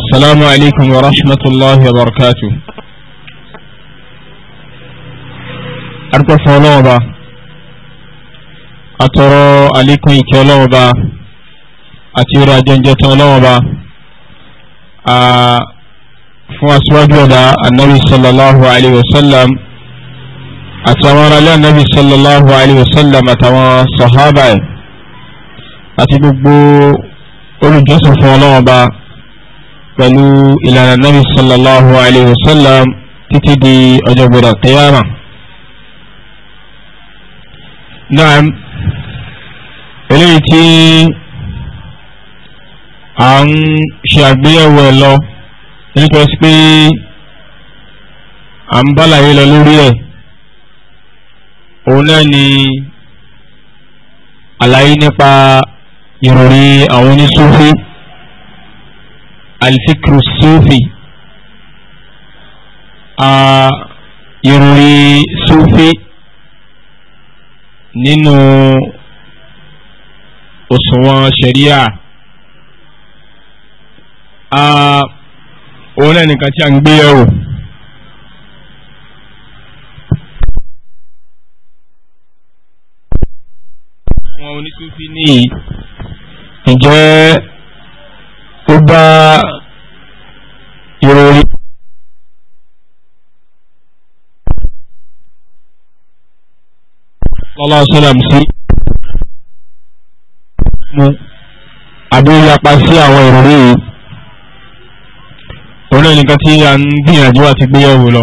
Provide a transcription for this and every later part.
السلام عليكم ورحمة الله وبركاته أرجو فلوبا أترى عليكم كلوبا أتيرا جنجة لوبا fún aṣíwájú ọ̀dà anabi sallallahu alayhi wa sallam àtàwọn ará anabi sallallahu alayhi wa sallam àtàwọn sahaba ẹ̀ àti gbogbo olùjọ́sìn fún ọlọ́wọ́n bá pẹ̀lú ìlànà nabi sallallahu alayhi wa sallam títí di ọjọ́ gbọdọ̀ kíyàmà. Naam, eléyìí tí à ń ṣe àgbéyẹ̀wò ẹ̀ lọ nítorí pé à ń bàlàyé lọ lórí ẹ̀ òun náà ni àlàyé nípa ìròrí àwọn oníṣòfin alifikiru sufi ìròyìn sufi nínú òṣùwọ̀n sharia òun náà nìkan tí a ń gbé yẹ̀wò. àwọn onísúfí ní ìjẹ́ ó bá irun orí. lọ́lá sọ́làm sí mu àbí yapa sí àwọn ìròrí yìí òun náà nìkan tí a ń gbìyànjú àti gbéyàwó lọ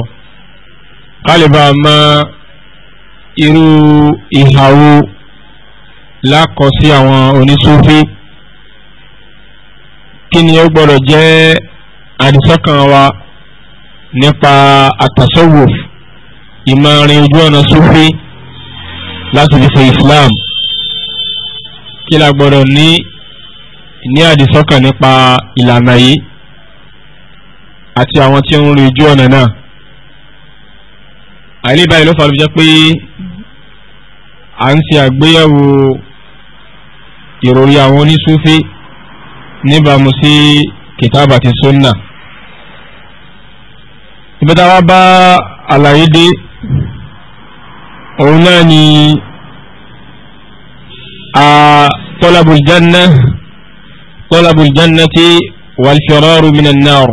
ká lè bá a mọ irú ìhàwó lákọ sí àwọn onísúfí kí ni ó gbọ́dọ̀ jẹ́ àdìsọ́kàn wa nípa àtàsọ́wòf ìmọ̀rin ojú ọ̀nà sufi láti fi ṣe Islam kí la gbọ́dọ̀ ní ní àdìsọ́kàn nípa ìlànà yìí àti àwọn tí ó ń rin ojú ọ̀nà náà àìlè ló fà pé à ń ṣe àgbéyẹ̀wò ìròrí àwọn onísúfí níbàámu sí kìtàbà àti sunna ìbẹ́ta wá bá àlàyé dé òun náà ni a talabul janna talabul jannati wal firaru minan nar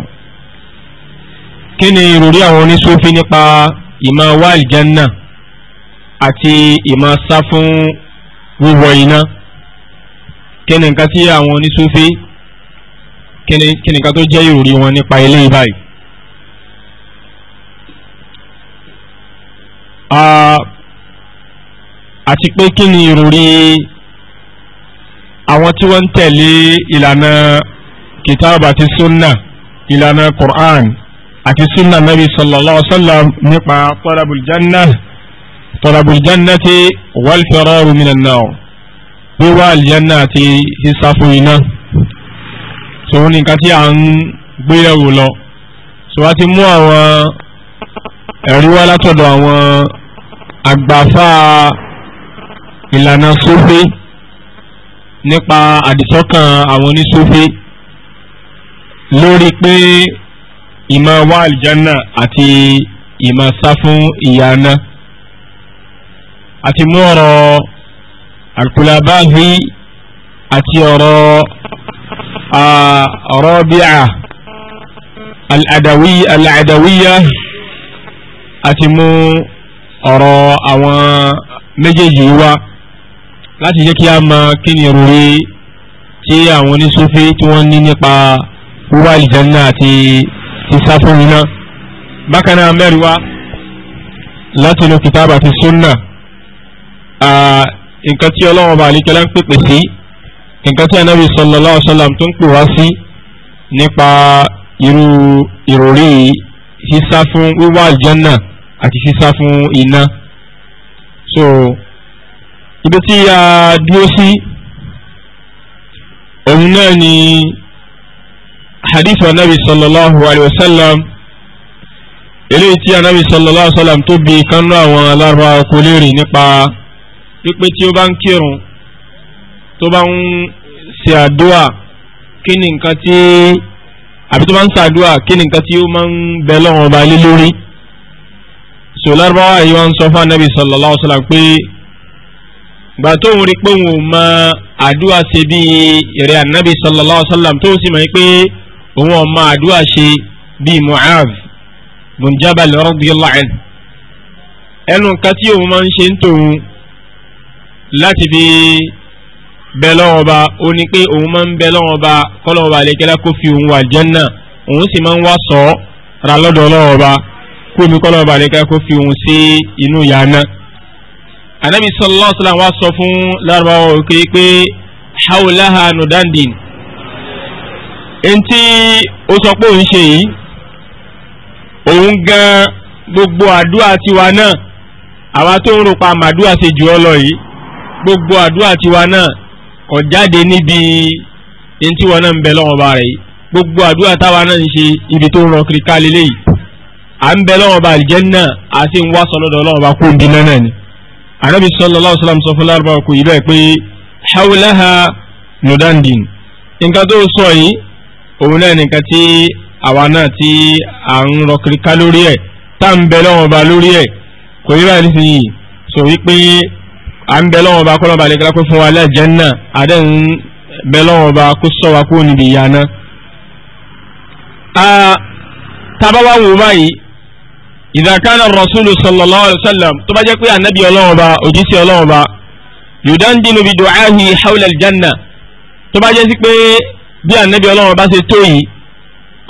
kí ni ìròrí àwọn oníṣòfin nípa ìmọ̀ wá àti ìmọ̀ sá wíwọ iná kí ni nǹkan tí àwọn oníṣòfin kíni kan tó jẹ́ ìròrí wọn nípa eléyìí báyìí. àti pé kí ni ìròrí àwọn tí wọ́n ń tẹ̀lé ìlànà kìtàbù àti sunna ìlànà Qur'an àti sunna nabi sallallahu alaihi wa sallam nípa talabul jannah talabul jannati wal firaru wíwá àlìyánná àti sísá iná so ní nǹkan tí a ń gbéyẹ̀wò lọ so a ti mú àwọn ẹ̀rí wá látọ̀dọ̀ àwọn àgbàfà ìlànà sófé nípa àdìsọ́kàn àwọn onísófé lórí pé ìmọ̀ wá àlìjánà àti ìmọ̀ sá fún ìyáná àti mú ọ̀rọ̀ àkùlábáàbí àti ọ̀rọ̀ Rabi'a al-Adawiyya àti mú ọ̀rọ̀ àwọn méjèèjì wá láti jẹ́ kí a mọ kí ni rúrí tí àwọn oníṣúfí tí wọ́n ní nípa wíwá ìjẹ́nà àti ìsáfún iná bákan náà mẹ́rin wá láti inú kìtàbà àti súnà nǹkan tí ọlọ́wọ́n bá àlíkẹ́lá ń pèpè sí nǹkan tí anábì sallallahu alaihi wasallam tó ń pè wá sí nípa irú ìròrí sísá fún wíwá àlùjánà àti sísá fún iná so ibi tí a dúró sí òun náà ni hadith anábì sallallahu alaihi wasallam eléyìí tí anábì sallallahu alaihi wasallam tó bi kánú àwọn alárùbáwá kò léèrè nípa pípé tí ó bá ń kírun tó bá ń ṣe àdúà kí ni nǹkan tí àbí tó máa ń ṣàdúà kí ni nǹkan tí ó máa ń bẹ lọ́wọ́ ọba ilé lórí. sọ lárúbáwá yìí wọ́n ń sọ fún anabi sallallahu alaihi wasallam pé gbà tó ń rí pé òun ò mọ àdúà ṣe bí ìrẹ́ anabi sallallahu alaihi wasallam tó sì mọ̀ pé òun ò mọ àdúà ṣe bí Mu'adh bin Jabal radiyallahu anhu ẹnu nǹkan tí òun máa ń ṣe ń tòun láti fi bẹ lọ́wọ́ ba ó ní pé òun máa ń bẹ lọ́wọ́ ba kọ́lọ́wọ́ ba àlekẹ́lá kó fi òun wà jẹ́nà òun sì máa ń wá sọ ọ́ ra lọ́dọ̀ lọ́wọ́ ba kó omi kọ́lọ́wọ́ ba àlekẹ́lá kó fi òun sí inú ìyá náà. anabi sallallahu alaihi wasallam sọ fún larabawa òkè pé hawlaha nudandin eŋti ó sọ pé òun ṣe yìí òun gan gbogbo àdúrà tiwa náà àwa tó ń rò pa ṣe jù ọ lọ yìí gbogbo àdúrà tiwa náà kò jáde níbi ní tí wọn náà ń bẹ lọ́wọ́ bá rẹ̀ yìí gbogbo àdúrà táwa náà ń ṣe ibi tó ń ràn kiri ká lélẹ́yìí à ń bẹ lọ́wọ́ bá àlìjẹ́nnà à sì ń wá sọlọ́dọ̀ lọ́wọ́ bá kó ń dinná náà ni. ànábì sallallahu alaihi wasallam sọ fún lárúbáwá kò yí bẹ́ẹ̀ pé hawlaha nudandin nǹkan tó sọ yìí òun náà nìkan tí àwa náà tí à ń rọ kiri ká lórí ẹ̀ tá à ń bẹ lọ́wọ́ bá lórí ẹ̀ kò yí bẹ́ẹ̀ nísìnyí sọ wípé à ń bẹ lọ́wọ́ ọba kọ́lọ́ba lè kíra pé fún wa lẹ́jẹ̀ẹ́nà àdẹ́ ń bẹ lọ́wọ́ ọba kó sọ wa kúrò níbi ìyá náà. tábàbá wò báyìí ìdàkánà rasulu sallallahu alayhi wa sallam tó bá jẹ́ pé ànábì ọlọ́wọ́ ọba òjíṣẹ́ ọlọ́wọ́ ọba bi du'ahi hawla aljanna tó bá jẹ́ sí pé bí ànábì ọlọ́wọ́ ọba ṣe tó yìí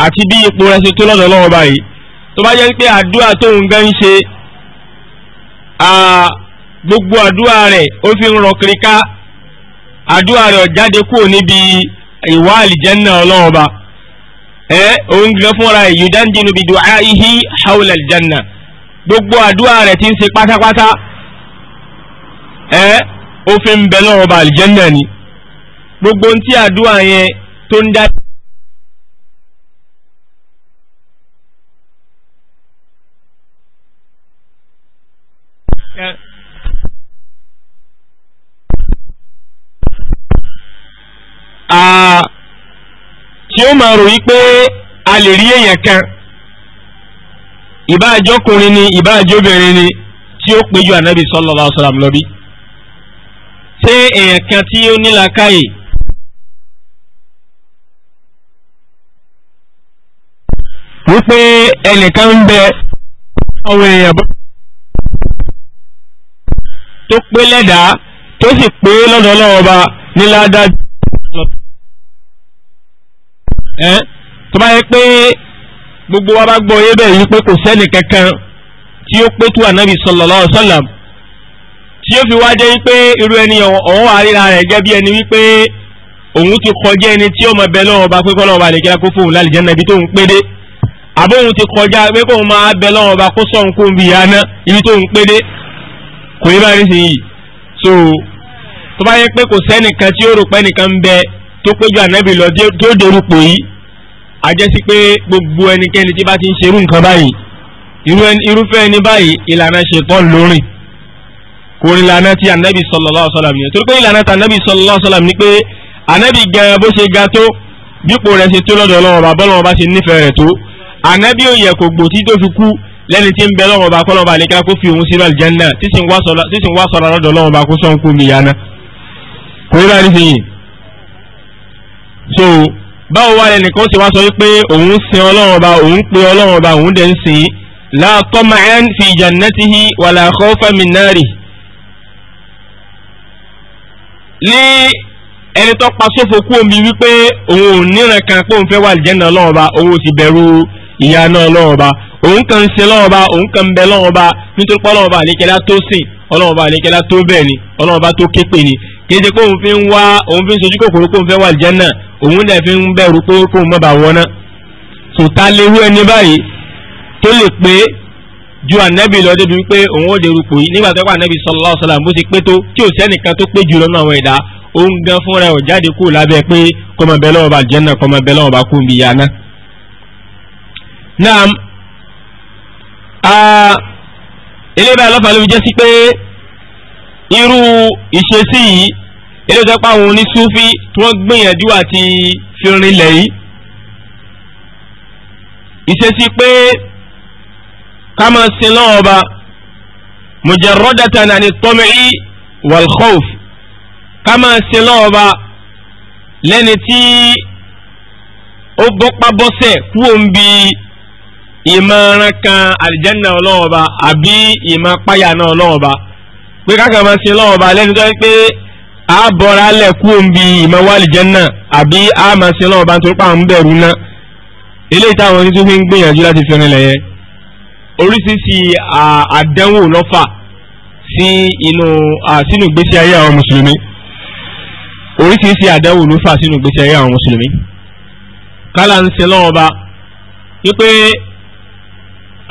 àti bí ipò rẹ̀ ṣe tó lọ́dọ̀ ọlọ́wọ́ ọba yìí gan ń ṣe gbogbo àdúrà rẹ̀ ó fi ń rọ kiri ká àdúrà rẹ̀ ó jáde kúrò níbi ìwà àlìjẹ́nà ọlọ́run ba ẹ òun gan fúnra ẹ̀ yudandinu bi du'aihi hawla aljanna gbogbo àdúrà rẹ̀ ti ń ṣe pátápátá ẹ ó fi ń bẹ lọ́wọ́ ba àlìjẹ́nà ni gbogbo ntí àdúrà yẹn tó ń dá. tí ó máa rò wípé a lè rí èèyàn kan ìbáàjọkùnrin ni ìbáàjọbìnrin ni tí ó péjú ànábì sallallahu alaihi wasallam lọ bí ṣé èèyàn kan tí ó ní làákàyè wípé ẹnìkan ń bẹ àwọn èèyàn bọ́ tó pé lẹ́dàá tó sì pé lọ́dọ̀ ọlọ́wọ́ bá ní ládàá lọ́dọ̀ ẹ tó bá yẹ pé gbogbo wa bá gbọ́ yé bẹ́ẹ̀ yí pé kò sẹ́ni kankan tí ó pé tó ànábì sallallahu alaihi wasallam tí ó fi wá jẹ́ wípé irú ẹni ọ̀hún wà ríra rẹ̀ gẹ́gẹ́ bí ẹni wípé òun ti kọjá ẹni tí ó mọ bẹ lọ́wọ́ bá pé kọ́lọ́wọ́ bá lè kíra kó fóun lálẹ́ jẹ́nà ibi tóun pédé àbóhun ti kọjá pé kóun máa bẹ lọ́wọ́ bá kó sọ̀hún kó ń bi ìyá ná ibi tóun pédé kò yẹ báyìí nísìnyí so tó bá yẹ pé kò sẹ́nìkan tí ó rò pé nìkan ń bẹ tó péjọ ànábì lọ tí ó dorúpò yìí a jẹ́ sí pé gbogbo ẹnikẹ́ni tí bá ti ń ṣerú nǹkan báyìí irúfẹ́ ẹni báyìí ìlànà ṣètọ́n lórin kò rí ìlànà tí ànábì sallallahu alaihi wasallam yẹn torí pé ìlànà tí ànábì sallallahu alaihi wasallam ni pé ànábì gan bó ṣe ga tó dípò rẹ̀ ṣe tó lọ́dọ̀ ọlọ́wọ́ bá bọ́lọ́wọ́ bá ṣe nífẹ̀ẹ́ rẹ̀ tó ànábì ò yẹ kó gbò tí tó fi kú lẹ́ni tí ń bẹ lọ́wọ́ bá kọ́lọ́wọ́ so báwo wá ẹnìkan ti wá sọ wípé òun sin ọlọ́run ọba òun pe ọlọ́run ọba òun dẹ̀ ń sìn la tama'an fi jannatihi wala khawfan min nari ní ẹni tó pa sófo kú omi wípé òun ò níran kan pé òun fẹ́ wà lìjẹ́ náà lọ́wọ́ ọba òun ò sì bẹ̀rù ìyá náà lọ́wọ́ ọba òun kan ń ṣe lọ́wọ́ ọba òun kan ń bẹ lọ́wọ́ ọba nítorí pé ọlọ́wọ́ ọba àlékẹ́lá tó sìn ọlọ́wọ́ ọba àlékẹ́lá tó bẹ̀ ni ọlọ́wọ́ ọba tó képe ni kéde pé òun fi ń wá òun fi ń sojú kòkòrò pé òun fẹ́ wà lìjẹ́ náà òun dẹ̀ fi ń bẹ̀rù pé kó má bàa wọ́n náà sòtá léwu ẹni báyìí tó lè pé ju ànábì lọ débi wípé òun ó de rúpò yìí nígbà tó kọ́ ànábì sallallahu alaihi wasallam bó ti pé tó tí ò sẹ́nìkan tó pé jùlọ náà àwọn ẹ̀dá òun gan fúnra ẹ̀ jáde kúrò lábẹ́ pé kọ́mọ bẹ́ẹ̀ lọ́wọ́ bá jẹ́ náà kọ́mọ bẹ́ẹ̀ lọ́wọ́ bá kú mi yá náà irú ìṣesí yìí ilé ìjọba àwọn onísúfí tí wọ́n gbìyànjú àti fi rinlẹ̀ yìí ìṣesí pé ká máa sin lọ́wọ́ ọba mujarradatan ani tọ́mìí wal khawf ká máa sin lọ́wọ́ ọba lẹ́ni tí ó bọ́pá bọ́sẹ̀ kúrò ń ìmọ̀ràn kan àlìjẹ́nà ọlọ́wọ́ ọba àbí ìmọ̀ páyà náà ọlọ́wọ́ pé kákan máa sin lọ́wọ́ ọba lẹ́nu tó yẹ pé a bọ̀ra alẹ̀ kú omi ìmọ̀ wà lìjẹ́ náà àbí a máa sin lọ́wọ́ ọba nítorí pé àwọn ń bẹ̀rù náà eléyìí táwọn oníṣẹ́ fi ń gbìyànjú láti fi rinlẹ̀ yẹn oríṣiríṣi àdánwò lọ́fà sí inú sínú ìgbésí ayé àwọn mùsùlùmí oríṣiríṣi àdánwò ló fà sínú ìgbésí ayé àwọn mùsùlùmí kálá ń sin lọ́wọ́ ọba wípé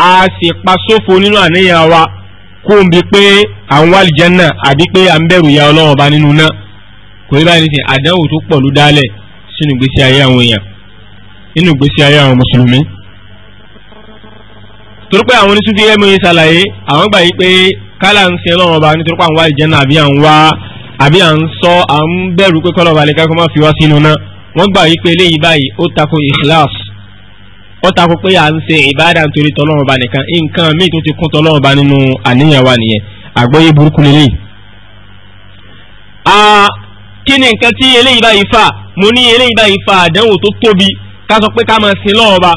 a sì pa sófo nínú àníyàn wa kó ń bi pé à ń wá àlìjánà àbí pé à ń bẹ̀rù ya ọlọ́run ọba nínú náà kò ní báyìí nísìnyí àdánwò tó pọ̀ ló dálẹ̀ sínú ìgbésí ayé àwọn èèyàn nínú ìgbésí ayé àwọn mùsùlùmí torí pé àwọn oníṣúfì ẹ̀mí yìí ṣàlàyé àwọn gbà yí pé kálá ń sin ọlọ́run ọba nítorí pé àwọn àlìjánà àbí à ń wá àbí à ń sọ à ń bẹ̀rù pé kọ́lọ̀ balẹ̀ kákọ́ fi wá sínú náà wọ́n gbà yí pé eléyìí báyìí ó tako ikhlas ó takò pé à ń ṣe ìbáàdà nítorí tọ́lọ́run ọba nìkan nǹkan míì tó ti kún tọ́lọ́run ọba nínú àníyàn wa nìyẹn àgbọ́yé burúkú lélẹ̀. kí ni nǹkan tí eléyìí báyìí fà mo ní eléyìí báyìí fà àdánwò tó tóbi ká sọ pé ká máa sin lọ́wọ́ ba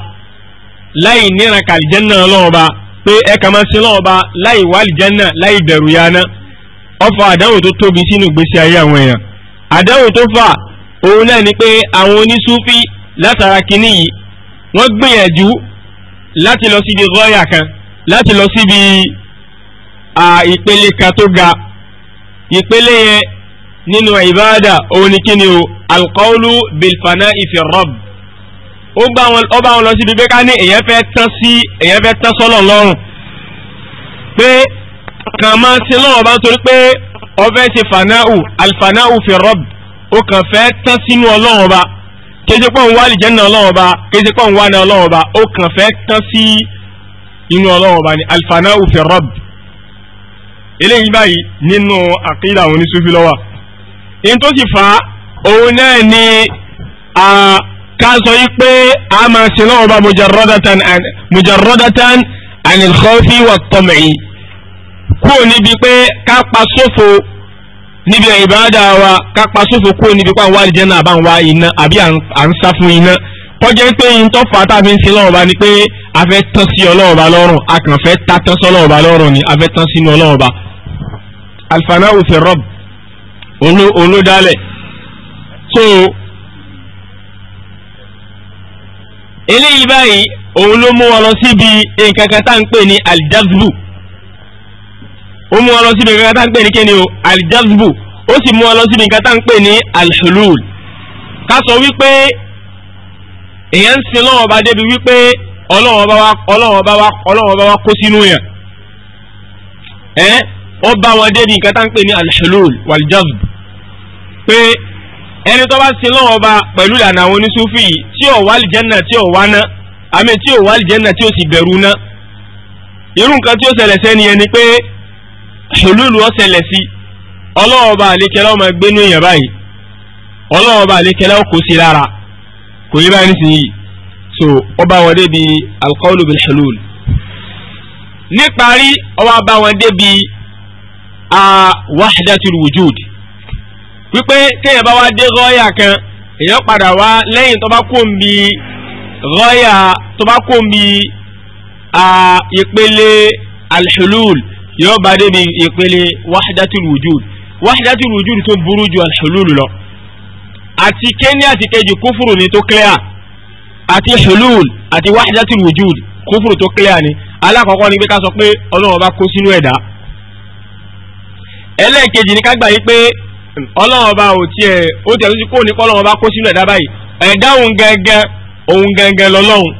láì níran kàlìjẹ́nà lọ́wọ́ ba pé ẹ kà máa sin lọ́wọ́ ba láì wà àlìjẹ́nà láì bẹ̀rù yaná ó fa àdánwò tó tóbi sínú ìgbésí ayé àwọn èèyàn àdánwò tó fà òun náà ni pé àwọn onísúfí látara kínní yìí wọ́n gbìyànjú láti lọ síbi rọ́yà kan láti lọ síbi ìpele kan tó ga ìpele yẹn nínú ìbáàdà òun ni kí ni o alqawlu bilfana ifirab ó bá wọn lọ síbi pé ká ní èyàn fẹ́ tán sí èyàn fẹ́ tán sọ́lọ̀ lọ́rùn pé kàn máa ṣe lọ́wọ́ bá ń torí pé ọfẹ́ ṣe fanau alfanau firab ó kàn fẹ́ tán sínú ọlọ́run ọba kéde pọ̀ ń wá àlìjẹ́nà ọlọ́wọ́n ba kéde pọ̀ ń wá náà ọlọ́wọ́n ba ó kàn fẹ́ tán sí inú ọlọ́wọ́n ba ni alifana ufe rob eléyìí báyìí nínú àkídà àwọn oníṣúfì lọ́wọ́ in tó òun náà ni ká sọ yí pé a máa sin lọ́wọ́n ba mujarrodatan anilkhofi wa tọ́mẹ̀yìn kúrò níbi pé ká pa sófo níbi ìbáradà wa kápá sófo kúrò níbi pa wà lìjẹ́ náà bá ń wá iná àbí à ń sá fún iná kọjá pé n tó fà á tàbí ń sin lọ́wọ́ bá ni pé a fẹ́ tán sí ọlọ́wọ́ lọ́rùn a kàn fẹ́ ta tán sí ọlọ́wọ́ lọ́rùn ni a fẹ́ tán sínú ọlọ́wọ́ bá. alifana ofe rob olódàlẹ̀ so eléyìí báyìí òun ló mú wọn lọ síbi nǹkan kan tá à ń pè ní aljazbu ó mú wọn lọ síbi nǹkan tá ń pè ní kíni o aljazbu ó sì mú wọn lọ síbi nǹkan tá ń pè ní alhulul ká sọ wípé èèyàn ń sin lọ́wọ́ ọba débi wípé ọlọ́wọ́ bá wa ọlọ́wọ́ bá wa ọlọ́wọ́ bá wa kó sínú yẹn ẹ ó bá wọn débi nǹkan tá ń pè ní alhulul waljazb pé ẹni tó bá sin lọ́wọ́ ọba pẹ̀lú ìlànà àwọn onísúfì tí ò wá àlìjẹ́nà tí ò wá ná àmì tí ò wá àlìjẹ́nà tí ò sì bẹ̀rù ná irú nǹkan tí ó ṣẹlẹ̀ sẹ́ni ẹni pé hululu ọ̀sẹ̀lẹ̀ sí ọlọ́wọ́ bá àlékẹ́lá ọmọ ẹgbẹ́ nù èèyàn báyìí ọlọ́wọ́ bá àlékẹ́lá kò sí lára kò yí báyìí nísìnyí so ọba wọn débi alqawlu bil hulul níparí ọba bá wọn débi wahdatul wujud wípé téèyàn bá wá dé gọ́ọ̀yà kan èèyàn padà wá lẹ́yìn tó bá kó ń bi gọ́ọ̀yà tó bá kó ń bi ìpele alhulul yóò bá débi ìpele wahdatul wujud wahdatul wujud tó burú ju al-hulul lọ àti kéní àti kejì kúfùrù ni tó clear àti hulul àti wahdatul wujud kúfùrù tó clear ni alákọ̀ọ́kọ́ ni pé ká sọ pé ọlọ́run bá kó sínú ẹ̀dá ẹlẹ́ẹ̀kejì ni ká gbà yí pé ọlọ́run bá ò tiẹ̀ ó tiẹ̀ tó ti kó ní kọ́ ọlọ́run bá kó sínú ẹ̀dá báyìí ẹ̀dá òun gẹ́gẹ́ òun gẹ́gẹ́ lọ́lọ́run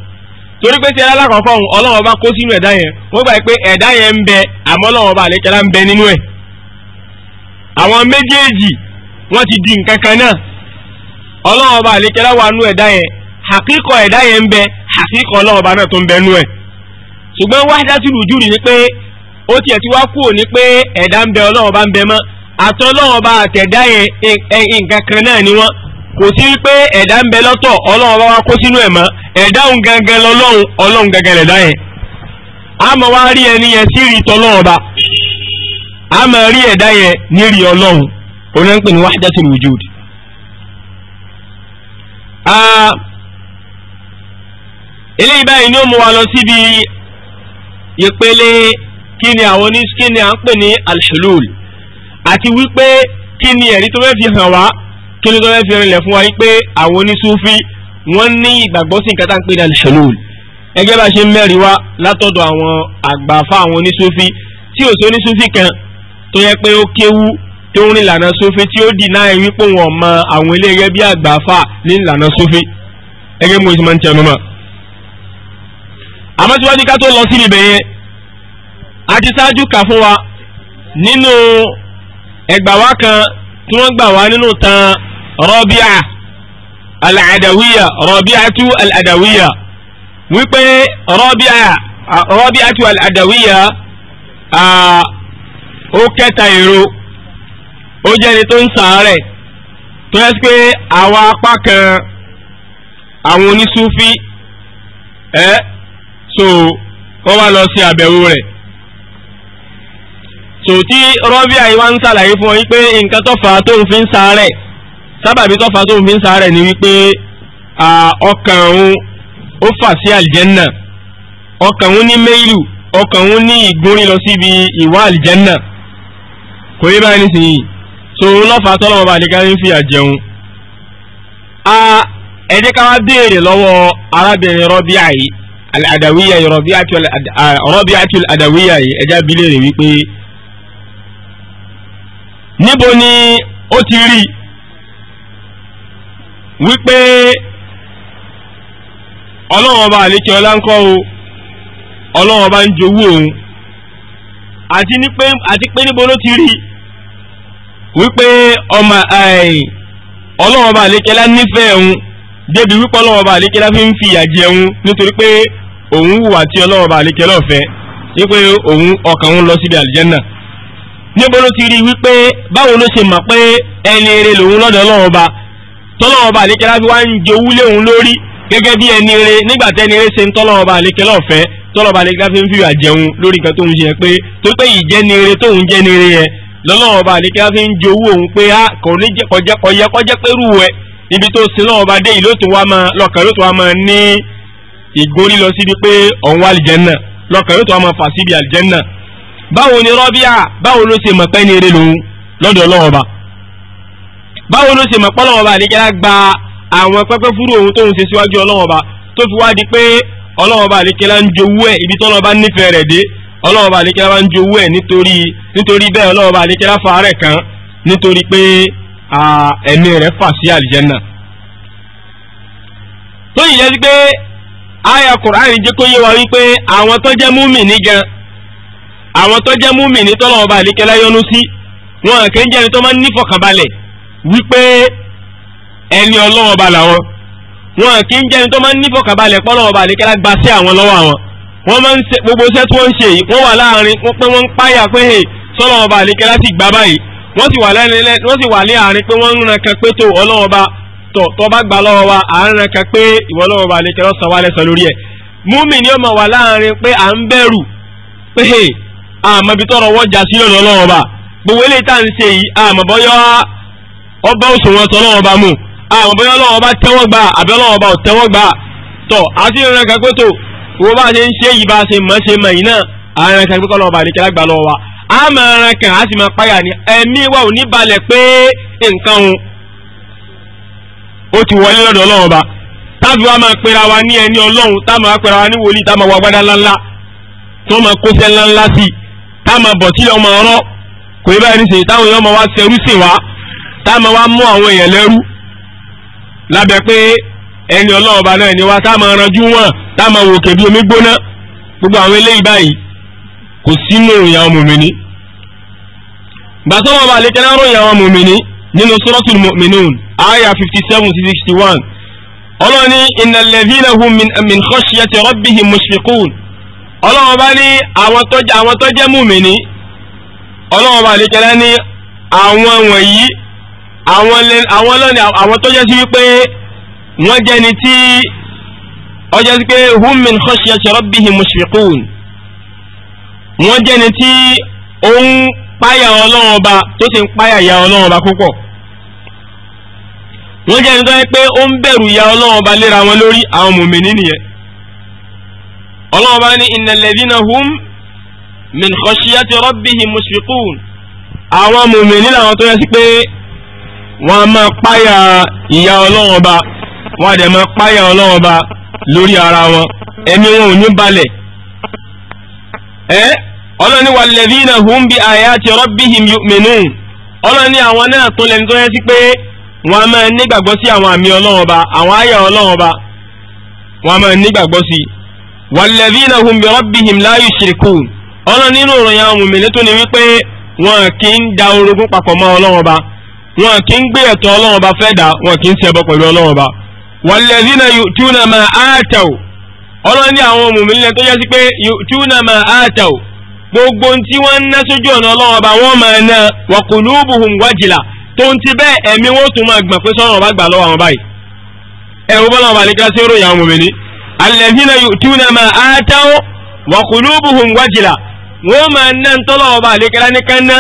torí pé tí ẹlẹ́lá kan fọ́hùn bá kó sínú ẹ̀dá yẹn wọ́n gbà pé ẹ̀dá yẹn ń bẹ àmọ́ bá àlékẹ́lá ń bẹ nínú ẹ̀ àwọn méjèèjì wọ́n ti di nǹkan kan náà ọlọ́wọ́n bá àlékẹ́lá wà nú ẹ̀dá yẹn ẹ̀dá yẹn ń bẹ bá náà tó ń bẹ nú ẹ̀ ṣùgbọ́n ni pé ó tiẹ̀ ti wá kúrò ní pé ẹ̀dá ń bẹ bá ń kò sí wípé ẹ̀dá ń bẹ lọ́tọ̀ ọlọ́run bá wá kó sínú ẹ̀ mọ́ ẹ̀dá òun gangan lọ́lọ́run ọlọ́run gangan lẹ̀dá yẹn a mọ̀ wá rí ẹni yẹn sí rí tọ́lọ́run ọba a mọ̀ rí ẹ̀dá yẹn ní rí ọlọ́run oní ń pè ní wahdatul eléyìí báyìí ni ó mú wa lọ síbi ìpele kí ni àwọn oníṣkí ni à ń pè ní alhulul àti wípé kí ni ẹ̀rí tó fẹ́ fi hàn wá kí ló tó fẹ́ fi rinlẹ̀ fún wa yí pé àwọn onísúfí wọ́n ní ìgbàgbọ́ sí nǹkan tá à ń pè ní alṣulul ẹgẹ́ bá ṣe ń mẹ́rin wá látọ̀dọ̀ àwọn àgbàfà àwọn onísúfí tí ò sí onísúfí kan tó yẹ pé ó kéwú tó ń rìn lànà súfí tí ó dì náà wípé wọn mọ àwọn ilé ẹgẹ́ bí àgbàfà ní lànà súfí ẹgẹ́ mú ìsìnmọ́ ní tẹnu mọ́. àmọ́ síwájú ká tó lọ sí ibẹ̀ yẹn a ti ṣáájú kà fún wa nínú ẹgbàá wa kan tí wọ́n gbà wá nínú tan rọ́bíà alàdàwíyà rọ́bíàtú alàdàwíyà wípé rọ́bíà rọ́bíàtú alàdàwíyà ó kẹta èrò ó jẹ́ni tó ń sàárẹ̀ tó yẹ pé àwọn apá kan àwọn onísúfí ẹ́ so wọ́n wá lọ sí àbẹ̀wò rẹ̀ so tí rọ́bíà yìí wá ń sàlàyé fún ọ yí pé nǹkan tó fà á tó ń fi ń sàárẹ̀ sábàbí tó fa tóun fi ń sáré ni wípé ọkàn òun ó fà sí àlìjẹ́nà ọkàn òun ní méìlù ọkàn òun ní ìgúnrin lọ síbi ìwà àlìjẹ́nà kò yí báyìí nísìnyí so òun lọ́fà tọ́lọ́mọ bá àdéká ń fi àjẹun. ẹ jẹ́ ká wá béèrè lọ́wọ́ arábìnrin rọ́bíà yìí àdàwíyà yìí rọ́bíà tí àdàwíyà yìí ẹ jẹ́ abilé rẹ̀ wípé níbo ni ó ti rí wípé ọlọ́run ọba àlékè ọlá ń kọ́ o ọlọ́run ọba ń jowú òun àti ní àti pé níbo ló ti rí wípé ọmọ nífẹ̀ẹ́ òun débi wípé fi ń fìyà jẹun nítorí pé òun hùwà tí ọlọ́run ọba àlékè ọlá ọ̀fẹ́ wípé òun ọkàn òun lọ síbi àlìjẹ́nà níbo ló ti rí wípé báwo tọ́lọ́wọ́ bá àlékẹ́ láti wá ń jowú léhun lórí gẹ́gẹ́ bí ẹni re nígbà tẹ́ni re ṣe ń tọ́lọ́wọ́ bá àlékẹ́ lọ́fẹ́ tọ́lọ́wọ́ bá àlékẹ́ láti ń fìyà jẹun lórí nǹkan tó ń ṣe pé tó pé ìjẹni re tóun jẹni re yẹn lọ́lọ́wọ́ bá àlékẹ́ láti ń jowú òun pé á ah, kò ní jẹ́ kọjẹ́ kọjẹ́ kọjẹ́ pérú ẹ ibi tó sin lọ́wọ́ bá dé ìlótò wa máa lọ́kàn lótò wa máa ní ìgórí lọ síbi pé ọ̀hún àlìjẹ́nà lọ́kàn lótò wa máa fà síbi àlìjẹ́nà báwo ni rọ́bíà báwo ló ṣe mọ̀ pẹ́ ni eré lòun lọ́dọ̀ ọlọ́wọ́ bá báwo ló ṣe mọ̀ pé ọlọ́wọ́ba àdékẹ́lá gba àwọn pẹ́pẹ́ fúru ohun tóun ṣe síwájú ọlọ́wọ́ba tó fi wá di pé ọlọ́wọ́ba àdékẹ́lá ń jowú ẹ̀ ibi tọ́lọ́ba nífẹ̀ẹ́ rẹ̀ dé ọlọ́wọ́ba àdékẹ́lá ń jowú ẹ̀ nítorí nítorí bẹ́ẹ̀ ọlọ́wọ́ba àdékẹ́lá fàárẹ̀ kan nítorí pé ẹ̀mí rẹ̀ fà sí àlìjẹ́nà. tó yìí yẹn pé aya Qur'an jẹ́ kó yé wa wípé àwọn tó jẹ́ múmìnì gan àwọn tó jẹ́ múmìnì tọ́lọ́wọ́ba àdékẹ́lá yọ́nú sí wọn kì í jẹ́ni tó máa ń nífọ̀kànbalẹ̀ wípé ẹni ọlọ́wọ́ ba làwọn wọn kì í jẹ́ ẹni tó máa ń nífọ̀kàbalẹ̀ pọ́lọ́wọ́ ba àdékẹ́lá gba sí àwọn lọ́wọ́ àwọn wọ́n máa ń ṣe gbogbo iṣẹ́ tí wọ́n ń ṣe yìí wọ́n wà láàrin wọ́n pé wọ́n ń páyà pé hey sọ́lọ́wọ́ ba àdékẹ́lá sì gbà báyìí wọ́n sì wà lẹ́nu wọ́n sì wà ní àárín pé wọ́n ń ran kan pé tó ọlọ́wọ́ ba tọ̀ tọ́ bá gbà lọ́wọ́ wa àárín ran kan pé ìwọ lọ́wọ́ ba àdékẹ́lá sọ wá ọba òṣùwọ̀n tọ́ lọ́wọ́ bá mú àwọn bóyá lọ́wọ́ bá tẹ́wọ́ gbà àbẹ́ lọ́wọ́ bá ò tẹ́wọ́ gbà tọ́ àti ìrìnà kan pé tó wo bá ṣe ń ṣe yìí bá ṣe mọ̀ ṣe mọ̀ yìí náà àrùn kan pé kọ́ lọ́wọ́ bá ní kẹ́lá gbà lọ́wọ́ wa a máa ran kan a sì máa páyà ní ẹ̀mí wa ò ní balẹ̀ pé nǹkan òun ó ti wọlé lọ́dọ̀ ọlọ́wọ́ bá tábí wa máa pera wa ní ẹni ọlọ́run tá máa pera wa ní wòlíì tá máa wà ńláńlá tó máa kóṣẹ́ ńláńlá sí tá máa bọ̀ sílẹ̀ ọmọ ọ̀rọ̀ kò ní báyìí níṣẹ́ táwọn èèyàn máa wá ṣerú sí wa táàmù wa mú àwọn èèyàn lẹ́rú lábẹ́ pé ẹni ọlọ́run ọba náà ni wa táàmù aranjú wọn táàmù wòkè bí omi gbóná gbogbo àwọn eléyìí báyìí kò sínú ìyàwó mòmìnì gbàtọ́ wọn bá lékẹ́ náà ròyìn àwọn mòmìnì nínú suratul mu'minun aya fifty seven to sixty one ọlọ́ni innal ladhina hum min khashyati rabbihim mushfiqun ọlọ́wọ́n bá ní àwọn tó jẹ́ mòmìnì ọlọ́wọ́n bá lékẹ́ náà ní àwọn wọ̀nyí àwọn lọ́ni àwọn tó jẹ́ sí wípé wọ́n jẹ́ ni tí ọjọ́ sí pé hum min khashyati rabbihim mushfiqun wọ́n jẹ́ ni tí ó ń páyà ọlọ́run ọba tó sì ń páyà ìyà ọlọ́run ọba púpọ̀ wọ́n jẹ́ ni tó yẹ pé ó ń bẹ̀rù ìyà ọlọ́run ọba léra wọn lórí àwọn mòmìnì nìyẹn ọlọ́run ọba ní innal ladhina hum min khashyati rabbihim mushfiqun àwọn mòmìnì làwọn tó yẹ sí pé wọn a máa páyà ìyá ọlọ́run ọba wọn a dẹ̀ máa páyà lórí ara wọn ẹ̀mí wọn ò ní balẹ̀ ẹ́ ọlọ́ni walladhina hum bi ayati rabbihim yu'minun ọlọ́ni àwọn náà tún lẹ́ni pé wọn a máa nígbàgbọ́ sí àwọn àmì ọlọ́run àwọn àyà wọn a máa nígbàgbọ́ sí bi la yushrikun ọlọ́ni nínú ìròyìn àwọn mùmìnì tó ní wípé wọn kì í da orogún papọ̀ mọ́ wọn kì í gbé ẹ̀tọ́ ọlọ́run ọba fẹ́ dà wọn kì í ṣe ẹbọ pẹ̀lú ọlọ́run ọba. wàlẹ́dínà yutuna ma àtàw ọlọ́run ní àwọn mùmílẹ̀ tó yẹ sí pé yutuna ma àtàw gbogbo tí wọ́n ń ná sójú ọ̀nà ọlọ́run ọba wọ́n máa ná wa qulubuhum wajila tó ń ti bẹ́ẹ̀ ẹ̀mí wọn tún máa gbà pé sọ́run ọba gbà lọ́wọ́ àwọn báyìí. ẹ̀rù bọ́lá ọba àlekà sí ròyìn àwọn mùmíní alladhina yutuna ma àtàw wa qulubuhum wajila wọ́n máa ná tọ́lọ́ ọba àlekà ní kan ná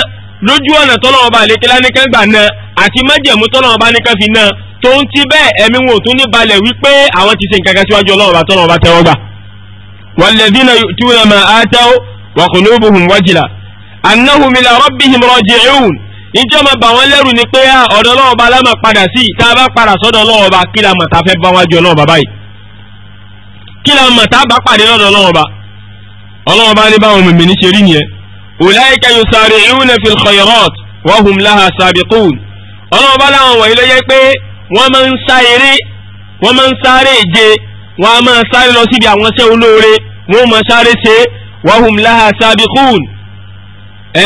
lójú ọ̀nà tọ́lọ́ ọba àlekà ní kan gbà ná àti májẹ̀mú tọ́lọ́wọ́n bá ní ká fi náà tó ń ti bẹ́ẹ̀ ẹ̀mí wọn ò tún ní balẹ̀ wípé àwọn ti ṣe nǹkan kan síwájú ọlọ́wọ́n bá tọ́lọ́wọ́n bá tẹ́wọ́ gbà. walladhina yu'tuna ma ataw wa qulubuhum wajila annahum ila rabbihim wọ́n lẹ́rù ni pé ọ̀dọ̀ ọlọ́wọ́ bá lámà padà sí tá a bá padà sọ́dọ̀ ọlọ́wọ́ bá ọlọ́wọ́ bá báyìí kí la ọlọ́run bá láwọn wọ̀nyí ló jẹ́ pé wọ́n máa ń sá eré wọ́n máa ń sáré ìje wọ́n á máa sáré lọ síbi àwọn iṣẹ́ olóore wọ́n máa sáré ṣe wahum laha sabiqun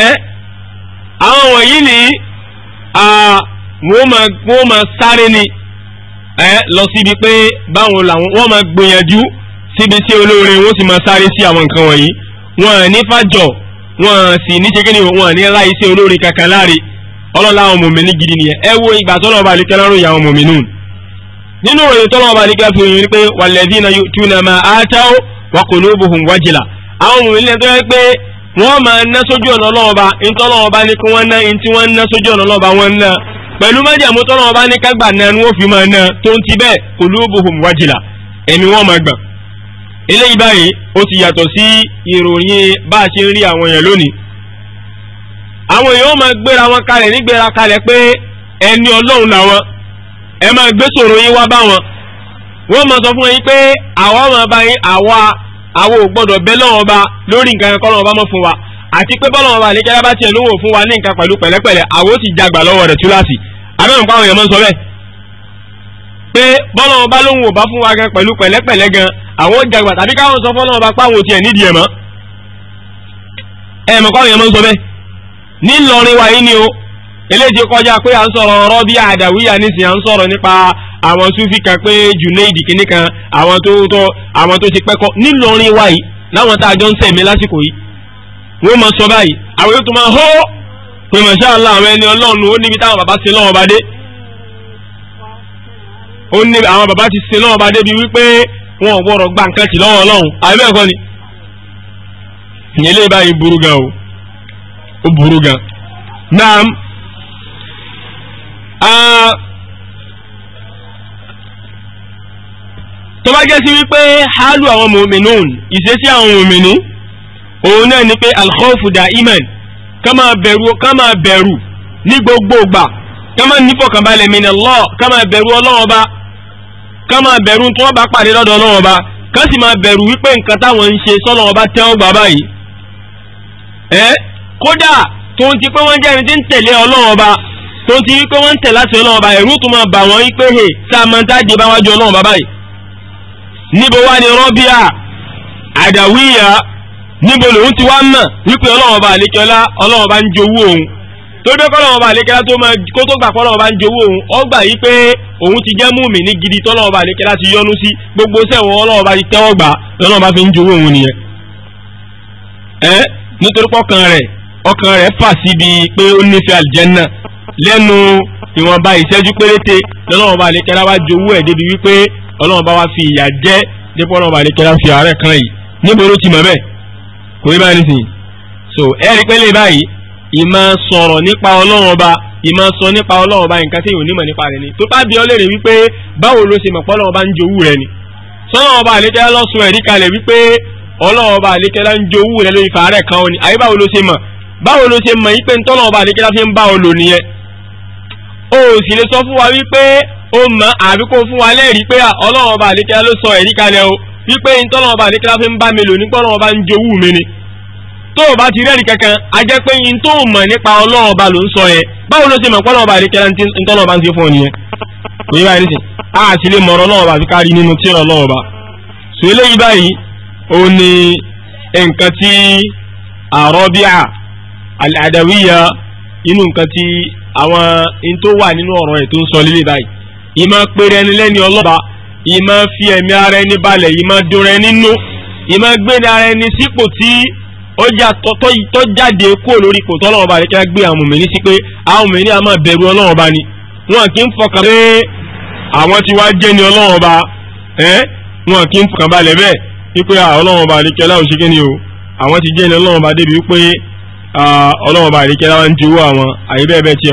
ẹ́ àwọn wọ̀nyí ni wọ́n máa sáré ni ẹ́ lọ síbi pé báwọn làwọn wọ́n máa gbìyànjú síbi tí olóore wọ́n sì máa sáré sí àwọn nǹkan wọ̀nyí wọ́n ní fàjọ wọ́n sì ní ṣe kí ni wọ́n ní láì sí olóore kankan láre. ọlọ́lá àwọn gidi nìyẹn ẹ wo ìgbà ọba àlíkẹ́ lọ́rùn ìyàwó mòmìnì nínú ìròyìn tọ́lọ́ ọba àlíkẹ́ fi ròyìn pé walladhina yu'tuna ma ataw wa qulubuhum wajila àwọn mòmìnì tó yẹ pé wọ́n máa ná sójú ọ̀nà ọlọ́ọba ìtọ́lọ́wọ́ bá ní kí wọ́n ná ìtí wọ́n ná sójú ọ̀nà ọlọ́ọba wọ́n ná pẹ̀lú májàmú tó àwọn èèyàn máa gbéra wọn kalẹ̀ nígbéra kalẹ̀ pé ẹni ọlọ́run làwọn ẹ máa gbé sòrò yín wá bá wọn wọ́n máa sọ fún yín pé àwa máa bá yín àwa àwa ò gbọ́dọ̀ bẹ́ lọ́wọ́n ba lórí nǹkan kan kọ́lọ́wọ́n bá mọ̀ fún wa àti pé bọ́lọ́wọ́n ba àlejò bá tiẹ̀ lówó fún wa ní nǹkan pẹ̀lú pẹ̀lẹ́pẹ̀lẹ́ àwa ó sì jagbà lọ́wọ́ rẹ̀ túláàsì abẹ́rùn pàwọn èèyàn máa ń sọ bẹ́ẹ̀ pé bọ́lọ́wọ́n nílọrin wa yìí ni o eléjì kọjá pé à ń sọ̀rọ̀ ọ̀rọ̀ bí àdàwíyà nísìnyí à ń sọ̀rọ̀ nípa àwọn sufi kan pé junaid kìíní kan àwọn tó tó àwọn tó ti pẹ́kọ̀ nílọrin wa yìí láwọn tá a jọ ń sẹ̀mí lásìkò yìí wọ́n mọ̀ sọ báyìí àwọn yóò tún máa hó pé mọ̀ṣá àlọ́ àwọn ẹni ọlọ́run ó níbi táwọn bàbá ṣe lọ́wọ́ bá dé ó ní àwọn bàbá ti ṣe lọ́wọ́ bá dé bí wípé wọn ò gbọ́dọ̀ gba nǹkan tì lọ́wọ́ ọlọ́run àbẹ́ẹ̀kọ́ ni ìyẹn lè báyìí burú gan o ó burú gan. naam tó bá jẹ́ sí wípé hálù àwọn mòmìnún ìṣesí àwọn mòmìnú òun náà ni pé alkhawfu daiman ká kama bẹ̀rù ká máa bẹ̀rù ní gbogbo ìgbà ká máa nífọ̀kànbalẹ̀ min Allah ká máa bẹ̀rù Ọlọ́run bá ká máa bẹ̀rù tí wọ́n bá pàdé lọ́dọ̀ Ọlọ́run bá ká máa bẹ̀rù wípé nǹkan táwọn ń ṣe sọ́lọ́run bá tẹ́wọ́ gbà báyìí kódà tó ń ti pé wọ́n jẹ́ ẹni tí ń tẹ̀lé ọlọ́run ọba tó ń ti pé wọ́n ń tẹ̀ láti ọlọ́run ọba ẹ̀rú tó máa bà wọ́n yí pé hè tá a máa ń dájẹ́ bá wájú ọlọ́run bàbá yìí. níbo wá ni rọ́bíà àdàwíyà níbo lòun ti wá mọ̀ wípé ọlọ́run ọba àlékẹ́lá ọlọ́run ọba ń jowú òun tó dé kọ́lọ́run ọba àlékẹ́lá tó máa kó tó gbà kọ́lọ́run ọba ń jowú òun ó gbà pé gidi tọ́lọ́run ọba àlékẹ́lá ti yọ́nú sí gbogbo sẹ́wọ̀n ọlọ́run ọba ti tẹ́wọ́ gbà lọ́lọ́run ọba fi ń jowú ọkàn rẹ̀ fà síbi pé ó nífẹ̀ẹ́ àlìjẹ́nà lẹ́nu ìwọ̀nba ìṣẹ́jú péréte lọ́lọ́wọ́n bá àlékẹ́lá wá jowú ẹ̀ débi wípé ọlọ́wọ́n bá wá fi ìyà jẹ́ dépò ọlọ́wọ́n bá àlékẹ́lá fi àárẹ̀ kan yìí níbo ló ti mọ̀ bẹ́ẹ̀ kò rí báyìí nìsín so ẹ rí pé lè báyìí ìmọ̀ sọ̀rọ̀ nípa ọlọ́wọ́n bá ìmọ̀ sọ nípa ọlọ́wọ́n bá nǹkan tí ìwò nímọ̀ nípa rẹ̀ ni tó bá bí ọlẹ́rìí wípé báwo ló ṣe mọ̀ pé ọlọ́wọ́n bá ń jowú rẹ̀ ni sọ́lọ́wọ́n bá àlékẹ́lá lọ́sùn ẹ̀rí kalẹ̀ wípé ọlọ́wọ́n bá àlékẹ́lá ń jowú rẹ̀ lórí fàárẹ̀ kan ó ní àyíbáwo ló ṣe mọ̀ báwo ló ṣe mọ̀ yí pé fi ń bá ọ lò o sì lè sọ fún o mọ̀ àbí kó fún wa lẹ́rìí pé ọlọ́run ọba àdékẹ́lá ló sọ ẹ̀rí o wípé ntọ́nà ọba fi ń bá mi lò nípa ọlọ́run ọba ń jowú mi ni tó o bá ti rẹ́rìí kankan a jẹ́ pé yín tó sọ yẹn báwo ló ṣe mọ̀ ọba àdékẹ́lá ọba ń ṣe fún ọ al inú nǹkan tí àwọn in tó wà nínú ọ̀rọ̀ ẹ̀ tó ń sọ lílé báyìí ìmọ̀ péré ẹni lẹ́ni ọlọ́ba ìmọ̀ fi ẹ̀mí ara ẹni balẹ̀ ìmọ̀ ma ẹni nú ìmọ̀ gbéra ara ẹni sípò tí kúrò lórí ipò kí wọ́n gbé àwọn mòmìnir sí pé àwọn a máa bẹ̀rù ni wọn kì í fọkàn pé àwọn tí wàá jẹ́ ni wọn kì í fọkàn balẹ̀ bẹ́ẹ̀ wípé kí ṣe o Ah, ọlọ́wọ́n bá àríkẹ́ láwọn ń jowó àwọn àyíbẹ́ẹ̀bẹ́ ti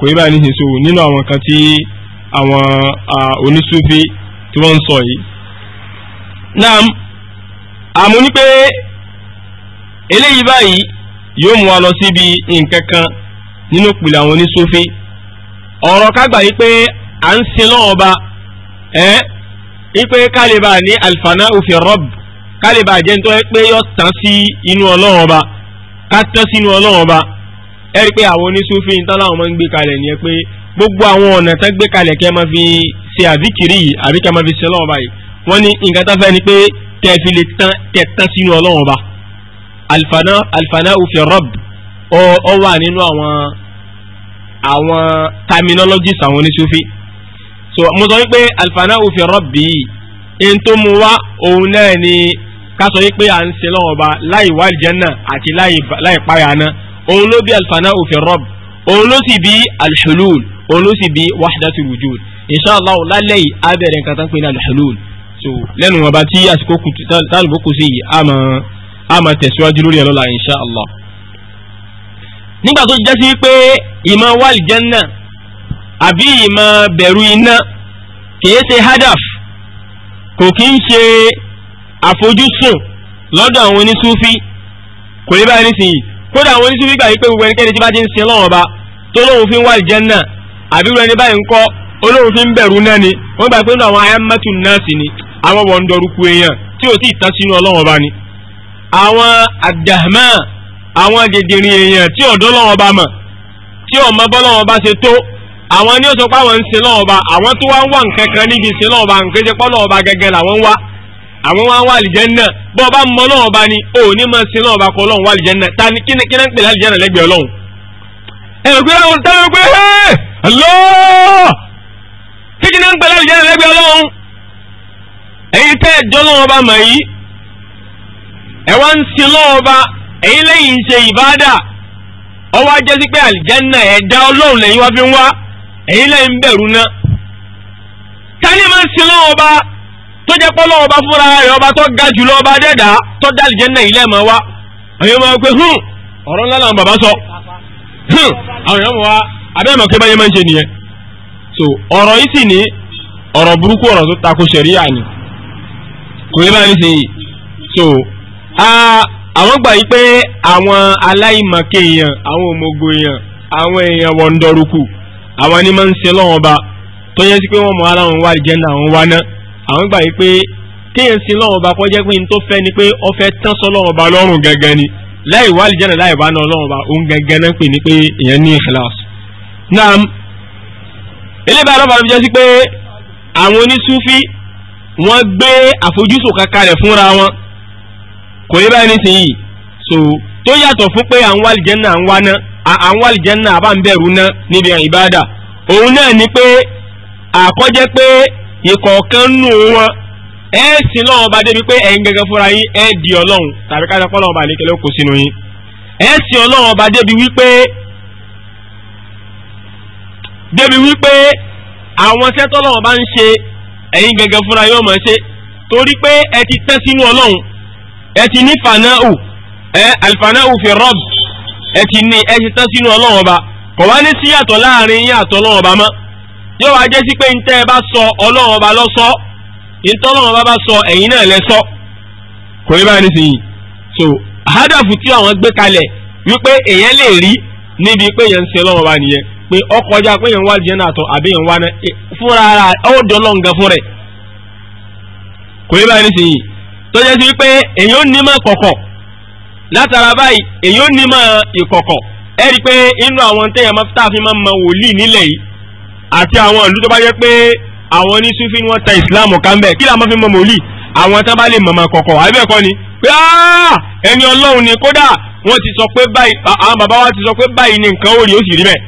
kò yí ní so nínú àwọn kan tí àwọn ah, onísúfi tí wọ́n ń sọ yìí. naam àmú ni pé eléyìí báyìí yóò mú wa lọ síbi nǹkan kan nínú ìpìlẹ̀ àwọn ọ̀rọ̀ kágbà ipe ní alifana òfin jẹ́ nítorí pé tán sí inú ọlọ́wọ́ ká tán sínú ọlọ́run ọba ẹ rí i pé àwọn oníṣúfì ń tán láwọn máa ń gbé kalẹ̀ nìyẹn pé gbogbo àwọn ọ̀nà tán gbé kalẹ̀ kẹ́ máa fi ṣe àdíkìrì yìí àbí kẹ́ máa fi ṣe ọlọ́run ọba yìí wọ́n ní nǹkan tá fẹ́ ni pé kẹ́ fi lè tán kẹ́ tán sínú ọlọ́run ọba alifana alifana ufi rob ọ wà nínú àwọn àwọn terminologies àwọn oníṣúfì so mo sọ wípé alifana ufi rob yìí n tó mu wá òun náà ni kásọ yìí pé à ń sin lọ́wọ́ ọba láì wá àlìjẹ́nà àti láì páyà náà òun ló bí alfana òfin rọ́b òun ló sì bí alhulul òun ló sì bí wahdatul wujud inshallah lálẹ́ yìí á bẹ̀rẹ̀ nǹkan tán pé ní alhulul so lẹ́nu wọn bá tí àsìkò tálùbọ̀ kù sí yìí á máa tẹ̀síwájú lórí ẹ̀ lọ́la inshallah. nígbà tó jẹ́ sí pé ìmọ̀ wá àlìjẹ́nà àbí ìmọ̀ bẹ̀rù iná kìí ṣe hadaf kò kí ń ṣe àfojúsùn lọ́dọ̀ àwọn onísúfí kò ní báyìí nísìnyí kódà àwọn onísúfí gbà yí pé gbogbo ẹnikẹ́ni tí bá ti ń sin lọ́wọ́ ọba tó lóun fi ń wà Jánnà àbí wọn ẹni báyìí ń kọ́ olóun fi ń bẹ̀rù náà ni wọ́n gbà pé àwọn ayámátù náà sì ni àwọn wọ̀ ń dọ̀rùkú èèyàn tí ò tí ì tán sínú ọlọ́wọ́ ọba ni. àwọn àdàmà àwọn dèdèrìn èèyàn tí ọ̀dọ́ lọ́wọ́ ọba mọ̀ tí ọmọ àwọn wá wà àlìjẹ́nà bọ́ ọba mọ lọ́wọ́ ọba ni ò ní máa sin lọ́wọ́ ọba kọ lọ́wọ́ wà àlìjẹ́nà ta ni kí ni kí ni ń pè lálìjẹ́nà lẹ́gbẹ̀ẹ́ ọlọ́run. ẹ ò gbé láwọn táwọn pé ẹ lọ kí ni ń pè lálìjẹ́nà lẹ́gbẹ̀ẹ́ ọlọ́run. ẹ̀yin tẹ́ ẹjọ́ lọ́wọ́ ọba mọ̀ yìí ẹ wá ń sin lọ́wọ́ ọba ẹ̀yin lẹ́yìn ṣe ìbáàdà ọwọ́ ajẹ́ sí pé àlìjẹ́nà náà tó jẹ́ pọ́ lọ́wọ́ bá fúnra rẹ̀ ọba tó ga jùlọ ọba dẹ́dà tó dálì jẹ́ náà ilé máa wá àwọn ọmọ pé hùn ọ̀rọ̀ ńlá làwọn bàbá sọ hùn àwọn ọmọ wa abẹ́ mọ̀ pé báyẹn máa ń ṣe nìyẹn so ọ̀rọ̀ yìí sì ní ọ̀rọ̀ burúkú ọ̀rọ̀ tó tako ṣẹ̀ríyà ni kò yẹ báyìí sì so àwọn gbà yí pé àwọn aláìmọ̀kẹ́ èèyàn àwọn òmògo èèyàn àwọn èèyàn wọ̀ndọ̀rùkù àwọn ni máa ń ṣe lọ́wọ́n ba tó yẹ sí pé wọ́n mọ̀ ara wọn wá ìjẹ́ wọn wá náà àwọn gbà yìí pé kéèyàn sin lọ́wọ́ ọba kọjá pé n tó fẹ́ ni pé ó fẹ́ tán sọ lọ́wọ́ ọba lọ́rùn gangan ni láì wá àlìjánnà láì wá náà lọ́wọ́ ọba òun gangan náà pè ní pé èèyàn ní ikhlas. naam eléyìí bá lọ́ba jẹ́ sí pé àwọn onísúfí wọ́n gbé àfojúsùn kankan rẹ̀ fúnra wọn kò ní báyìí nísìnyí so tó yàtọ̀ fún pé àwọn àlìjánnà ń wá ná àwọn àlìjánnà àbá ń bẹ̀rù ná níbi ìbádà òun náà ni pé àkọ́jẹ́ pé ìkọ̀ọ̀kan nù wọn ẹ sin lọ́wọ́ bá débi pé ẹ̀yin gẹ́gẹ́ fúnra yín ẹ di ọlọ́run tàbí ká dápọ́ lọ́wọ́ bá ní kẹlẹ́ kó sínú yín ẹ sin ọlọ́run bá débi wípé débi wípé àwọn sẹ́tọ́ lọ́wọ́ bá ń ṣe ẹ̀yin gẹ́gẹ́ fúnra yín ọmọ ṣe torí pé ẹ ti tẹ́ sínú ọlọ́run ẹ ti ní fanau ẹ alifanau fi rọ́b ẹ ti ní ẹ ti tẹ́ sínú ọlọ́run ọba kò ní síyàtọ̀ láàrin yín àtọ̀ ọlọ́run ọba yóò wá jẹ́ sí pé ntẹ́ ẹ bá sọ ọlọ́run ọba lọ́sọ́ ntọ́lọ́run ọba bá sọ ẹ̀yin náà lẹ́sọ́ kò ní báyìí nísìnyí so hádàfù tí àwọn gbé kalẹ̀ wípé èèyàn lè rí níbi pé èèyàn ń sin ọlọ́run ọba nìyẹn pé ọkọ̀ ọjà pé èèyàn wá jẹ́ náà tọ̀ àbí èèyàn wá náà fúnra ara ó dọ́lọ́ nǹkan fún rẹ̀ kò ní báyìí nísìnyí tó jẹ́ sí wípé èèyàn ò ní mọ̀ kọ̀kọ̀ látara báyìí èèyàn ò ní mọ̀ ìkọ̀kọ̀ ẹ rí i pé inú àwọn téèyàn máa fi táàfin máa ma wòlíì nílẹ̀ yìí àti àwọn ìlú tó bá yẹ pé àwọn ní sufi wọ́n ta ìsìláàmù kan bẹ́ẹ̀ kí làwọn fi mọ mòlì àwọn tán bá lè mọ̀mọ́ kọ̀kọ̀ àbí ẹ̀kọ́ ni pé ẹni ọlọ́run ni kódà wọ́n ti sọ pé báyìí àwọn bàbá wa ti sọ pé báyìí ni nǹkan ó rí ó sì rí bẹ́ẹ̀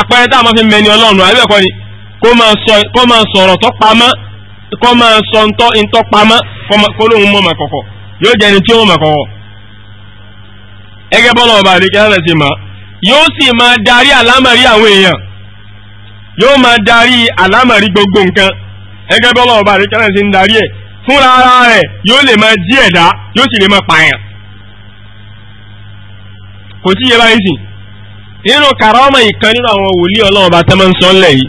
àpẹẹrẹ táwọn fi mẹni ọlọ́run àbí ẹ̀kọ́ ni kó máa sọ̀rọ̀ tó pamọ́ kó máa sọ ntọ́ ntọ́ pamọ́ kó lóun mọ̀mọ́ kọ̀kọ̀ yóò jẹ́ ẹni tí ó mọ̀mọ́ kọ̀kọ̀ ẹgẹ́ bọ́lá ọba àdékẹ́ yóò sì máa darí àlámọ̀rí àwọn èèyàn yóò máa darí àlámọ̀rí gbogbo nǹkan ẹgẹ́ bí ọlọ́run bá rí kẹ́lẹ́ sí ń darí ẹ̀ fúnra ara rẹ̀ yóò lè máa jí ẹ̀dá yóò sì lè máa pààyàn kò sí yẹ báyìí sìn nínú kàrámà ìkan nínú àwọn wòlíì ọlọ́run bá tẹ́ máa ń sọ ńlẹ̀ yìí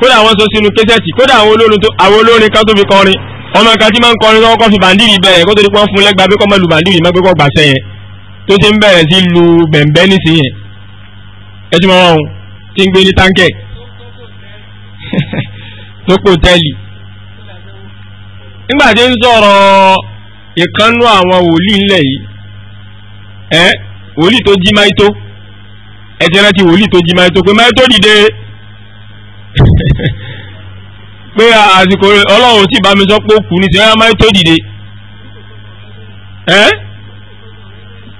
kódà àwọn sọ sínú kẹsẹ̀tì kódà àwọn olórin kan tó fi kọrin ọmọ kan tí máa ń kọrin lọ́wọ́ kọ́ fi bàndìrì bẹ̀rẹ̀ kó tó di pọ́n fún lẹ́gbàá bí kò máa lu bàndìrì má pé kò gbàṣẹ yẹn tó ti ń bẹ̀rẹ̀ sí lu bẹ̀m̀bẹ́ nísìnyẹn ẹ ti mọ wọn o ti ń gbé ní táǹkẹ̀ lóko tẹ́lì nígbà tí ń sọ̀rọ̀ ìkànnú àwọn wòlíì ńlẹ̀ yìí ẹ wòlíì tó jí máìtó ẹ ti rántí wòlíì tó jí máìtó pé máìtó dìde pé àsìkò ọlọ́run sọ pé ti máìtó dìde ẹ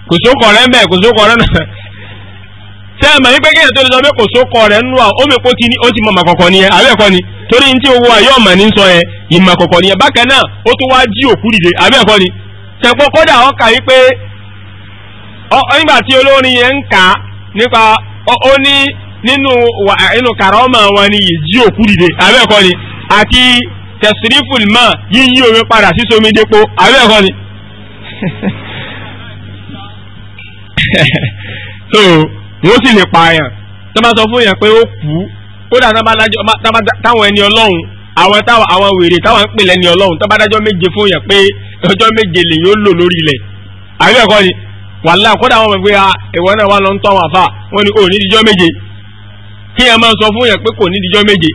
kò sókọ̀ rẹ́ mẹ́ kò náà. tẹ́ ẹ mọ̀ wípé kéèyàn tó lè sọ pé kò sókọ rẹ̀ kí ni ó ti mọ màkọ̀kọ̀ ni torị ntị ni torí ní tí owó ayé ọ̀mọ̀ ní sọ ẹ ìmọ̀kọ̀kọ̀ ni ẹ bákan náà ó tún wá jí òkú dìde àbẹ́ẹ̀kọ́ ni tẹ̀pọ̀ kódà wọn kà wípé nígbà tí olórin yẹn ń kà nípa ó ní nínú inú ni yìí jí òkú dìde ni àti wọ́n sì lè pààyàn tó bá sọ fún yẹn pé ó kú kódà táwọn ẹni ọlọ́run àwọn táwọn àwọn wèrè táwọn ń pè lẹ́ni ọlọ́run tó bá dájọ́ méje fún yẹn pé ọjọ́ méje lè yóò lò lórí ilẹ̀ àbí ẹ̀kọ́ ni wàhálà kódà wọn fi ha ìwọ náà wà lọ ń tọ́ àwọn àfà wọn ni ò ní díjọ́ méje kí yẹn máa sọ fún yẹn pé kò ní díjọ́ méje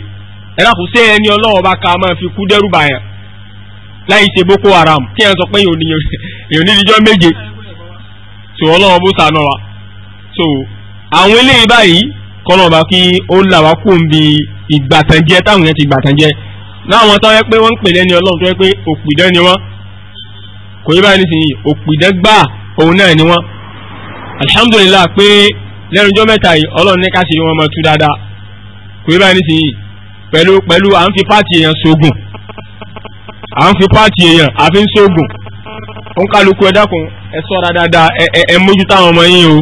ẹ dákun sí ẹni ọlọ́run ọba ká máa fi kú dẹ́rù boko haram kí yẹn sọ pé yẹn ò ní díjọ́ méje so àwọn eléyìí báyìí kọ́nà ọba kí ó là wá kó ń bi ìgbàtànjẹ táwọn yẹn ti gbàtànjẹ láwọn tó yẹ pé wọ́n ń pè lẹ́ni ọlọ́run tó yẹ pé òpìdán ni wọ́n kò yí báyìí nísìnyí òpìdán gbà òun náà ni wọ́n alhamdulillah pé lẹ́nu ọjọ́ mẹ́ta yìí ọlọ́run ní ká ṣe wọn mọ tú dáadáa kò yí báyìí nísìnyí pẹ̀lú pẹ̀lú à ń fi páàtì èèyàn sógun à ń fi páàtì èèyàn àfi ń sógun ó ń kálukú ẹ dákun ẹ sọ́ra dáadáa ẹ ẹ mójútó àwọn ọmọ yín o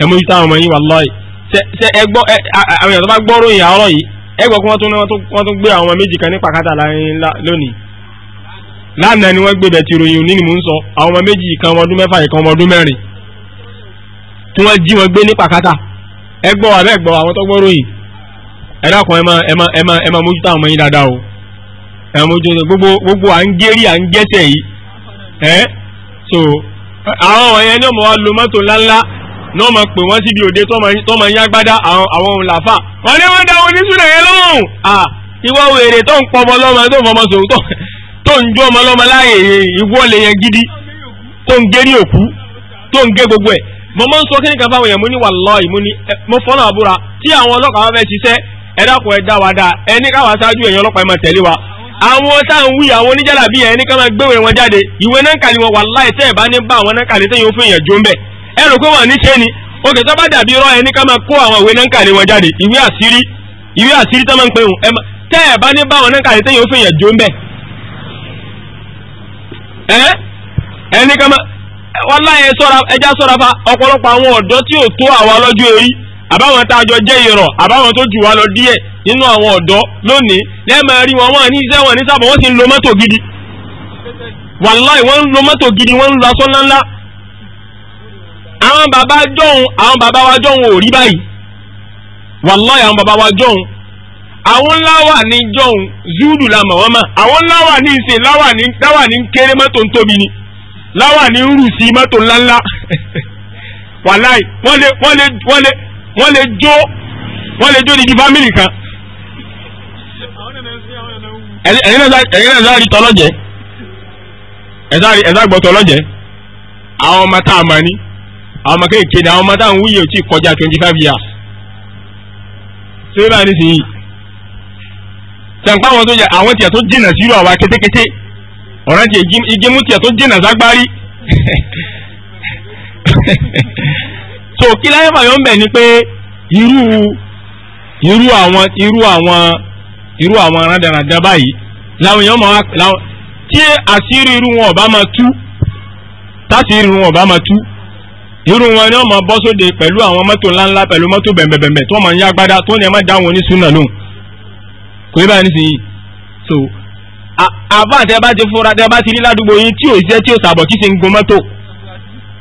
ẹ mójú táwọn ọmọ yín wallahi ṣe ẹ gbọ́ àwọn èèyàn tó bá gbọ́rò ìyá ọ̀rọ̀ yìí ẹ gbọ́ pé wọ́n tún wọ́n tún gbé àwọn méjì kan ní pàkátà láàrin lónìí lánàá ni wọ́n gbé bẹ̀ ti ròyìn òní ni mò ń sọ àwọn ọmọ méjì kan ọmọ ọdún mẹ́fà ìkan ọmọ ọdún mẹ́rin tí wọ́n jí wọn gbé ní pàkátà ẹ gbọ́ àbẹ́ gbọ́ àwọn tó gbọ́ ròyìn ẹ dákun ẹ máa ẹ máa ẹ máa ẹ máa mójútó àwọn ọmọ yín dáadáa o ẹ máa mójútó gbogbo gbogbo à ń gérí à ń gẹ́sẹ̀ yìí ẹ so àwọn ọ̀yẹn ní ọmọ wa lo mọ́tò ńláńlá náà máa pè wọ́n síbi òde tó máa yá gbádá àwọn òun làfà wọ́n ní wọ́n dá wọn ní súnà yẹn lóhùn à ìwọ wèrè tó ń pọ ọmọ lọ́mọ tó ń fọmọ sòwò tó ń jó ọmọ lọ́mọ láàyè ìwọ́lẹ̀ yẹn gidi tó ń gé ní òkú tó ń gé gbogbo ẹ̀ mo máa ń sọ kí nìkan fáwọn èèyàn mo ní wàláhì mo ní mo fọ́nà àbúra tí àwọn ọlọ́pàá wa fẹ́ ṣiṣẹ́ ẹ dákun ẹ dá wa dáa ẹ ní káwa ṣáájú èèyàn ọlọ́pàá ẹ máa tẹ̀lé wa àwọn tá à ń wí àwọn oníjàlábí ẹ ní ká máa gbéwèé wọn jáde ìwé náà kàlí wọn wàláhì tẹ́ ẹ̀ bá ní bá àwọn náà kàlí tẹ́yìn ó fún èèyàn jó ń bẹ̀ ẹrù pé wọ́n níṣẹ́ ni oge tó bá dàbí rọ ẹni ká máa kó àwọn ìwé náà kàní wọn jáde ìwé àṣírí ìwé àṣírí tó máa ń pè wọn ẹ tẹ́ ẹ̀ bá ní báwọn náà kàní téèyàn ó fèèyàn jó ń bẹ̀. ẹ ẹni ká máa wọn láyé ẹja sọ́ra fa ọ̀pọ̀lọpọ̀ àwọn ọ̀dọ́ tí ò tó àwa lọ́jọ́ orí àbáwọn tá a jọ jẹ́ ìrọ̀ àbáwọn tó jù wá lọ lo mọ́tò gidi wàláì wọ́n ń lo gidi wọ́n ń lo aṣọ àwọn bàbá jọ̀hún àwọn bàbá wa jọ̀hún ò rí báyìí wàláyà àwọn bàbá wa jọ̀hún àwọn ńlá wà ní jọ̀hún zúdù la mọ̀ wọ́n mọ̀ àwọn ńlá wà ní ìsìn láwà ní láwà ní kéré mọ́tò ń tóbi ni láwà ní rù sí mọ́tò ńláńlá wàláyì wọ́n lè wọ́n lè wọ́n lè wọ́n lè jó wọ́n lè jó ní di fámìlì kan ẹ̀yin náà sáré tọ́lọ́jẹ́ ẹ̀sáré ẹ̀sáré gbọ́tọ̀ lọ́jẹ́ àwọn ọmọ tá a mọ̀ ni àwọn ọmọ kéèké ni àwọn ọmọ táwọn wúyè ò tí kọjá twenty five years ṣé bá ní sìn yìí tẹ̀ǹpá àwọn tó jẹ àwọn tiẹ̀ tó jìnà sírò àwa kétékété ọ̀ràn tiẹ̀ igémú tiẹ̀ tó jìnà ságbárí so kí láyé fàyọ̀ ń bẹ̀ ni pé irú irú àwọn irú àwọn irú àwọn rádaràdà báyìí làwọn èèyàn máa tí àṣírí irú wọn ọba máa tú táṣírí irú wọn ọba máa tú irú wọn ni wọn máa bọ́ sóde pẹ̀lú àwọn mọ́tò ńláńlá pẹ̀lú mọ́tò bẹ̀m̀bẹ̀m̀bẹ̀ tí wọ́n máa ń yá gbádá tó ní ẹ má dá wọn ní súnà lóhùn kò yẹ báyìí nísìnyí so àbá àti ẹbá ti fura tí ẹbá ti rí ládùúgbò yín tí ò jẹ́ tí ò tàbọ̀ tí sì ń gun mọ́tò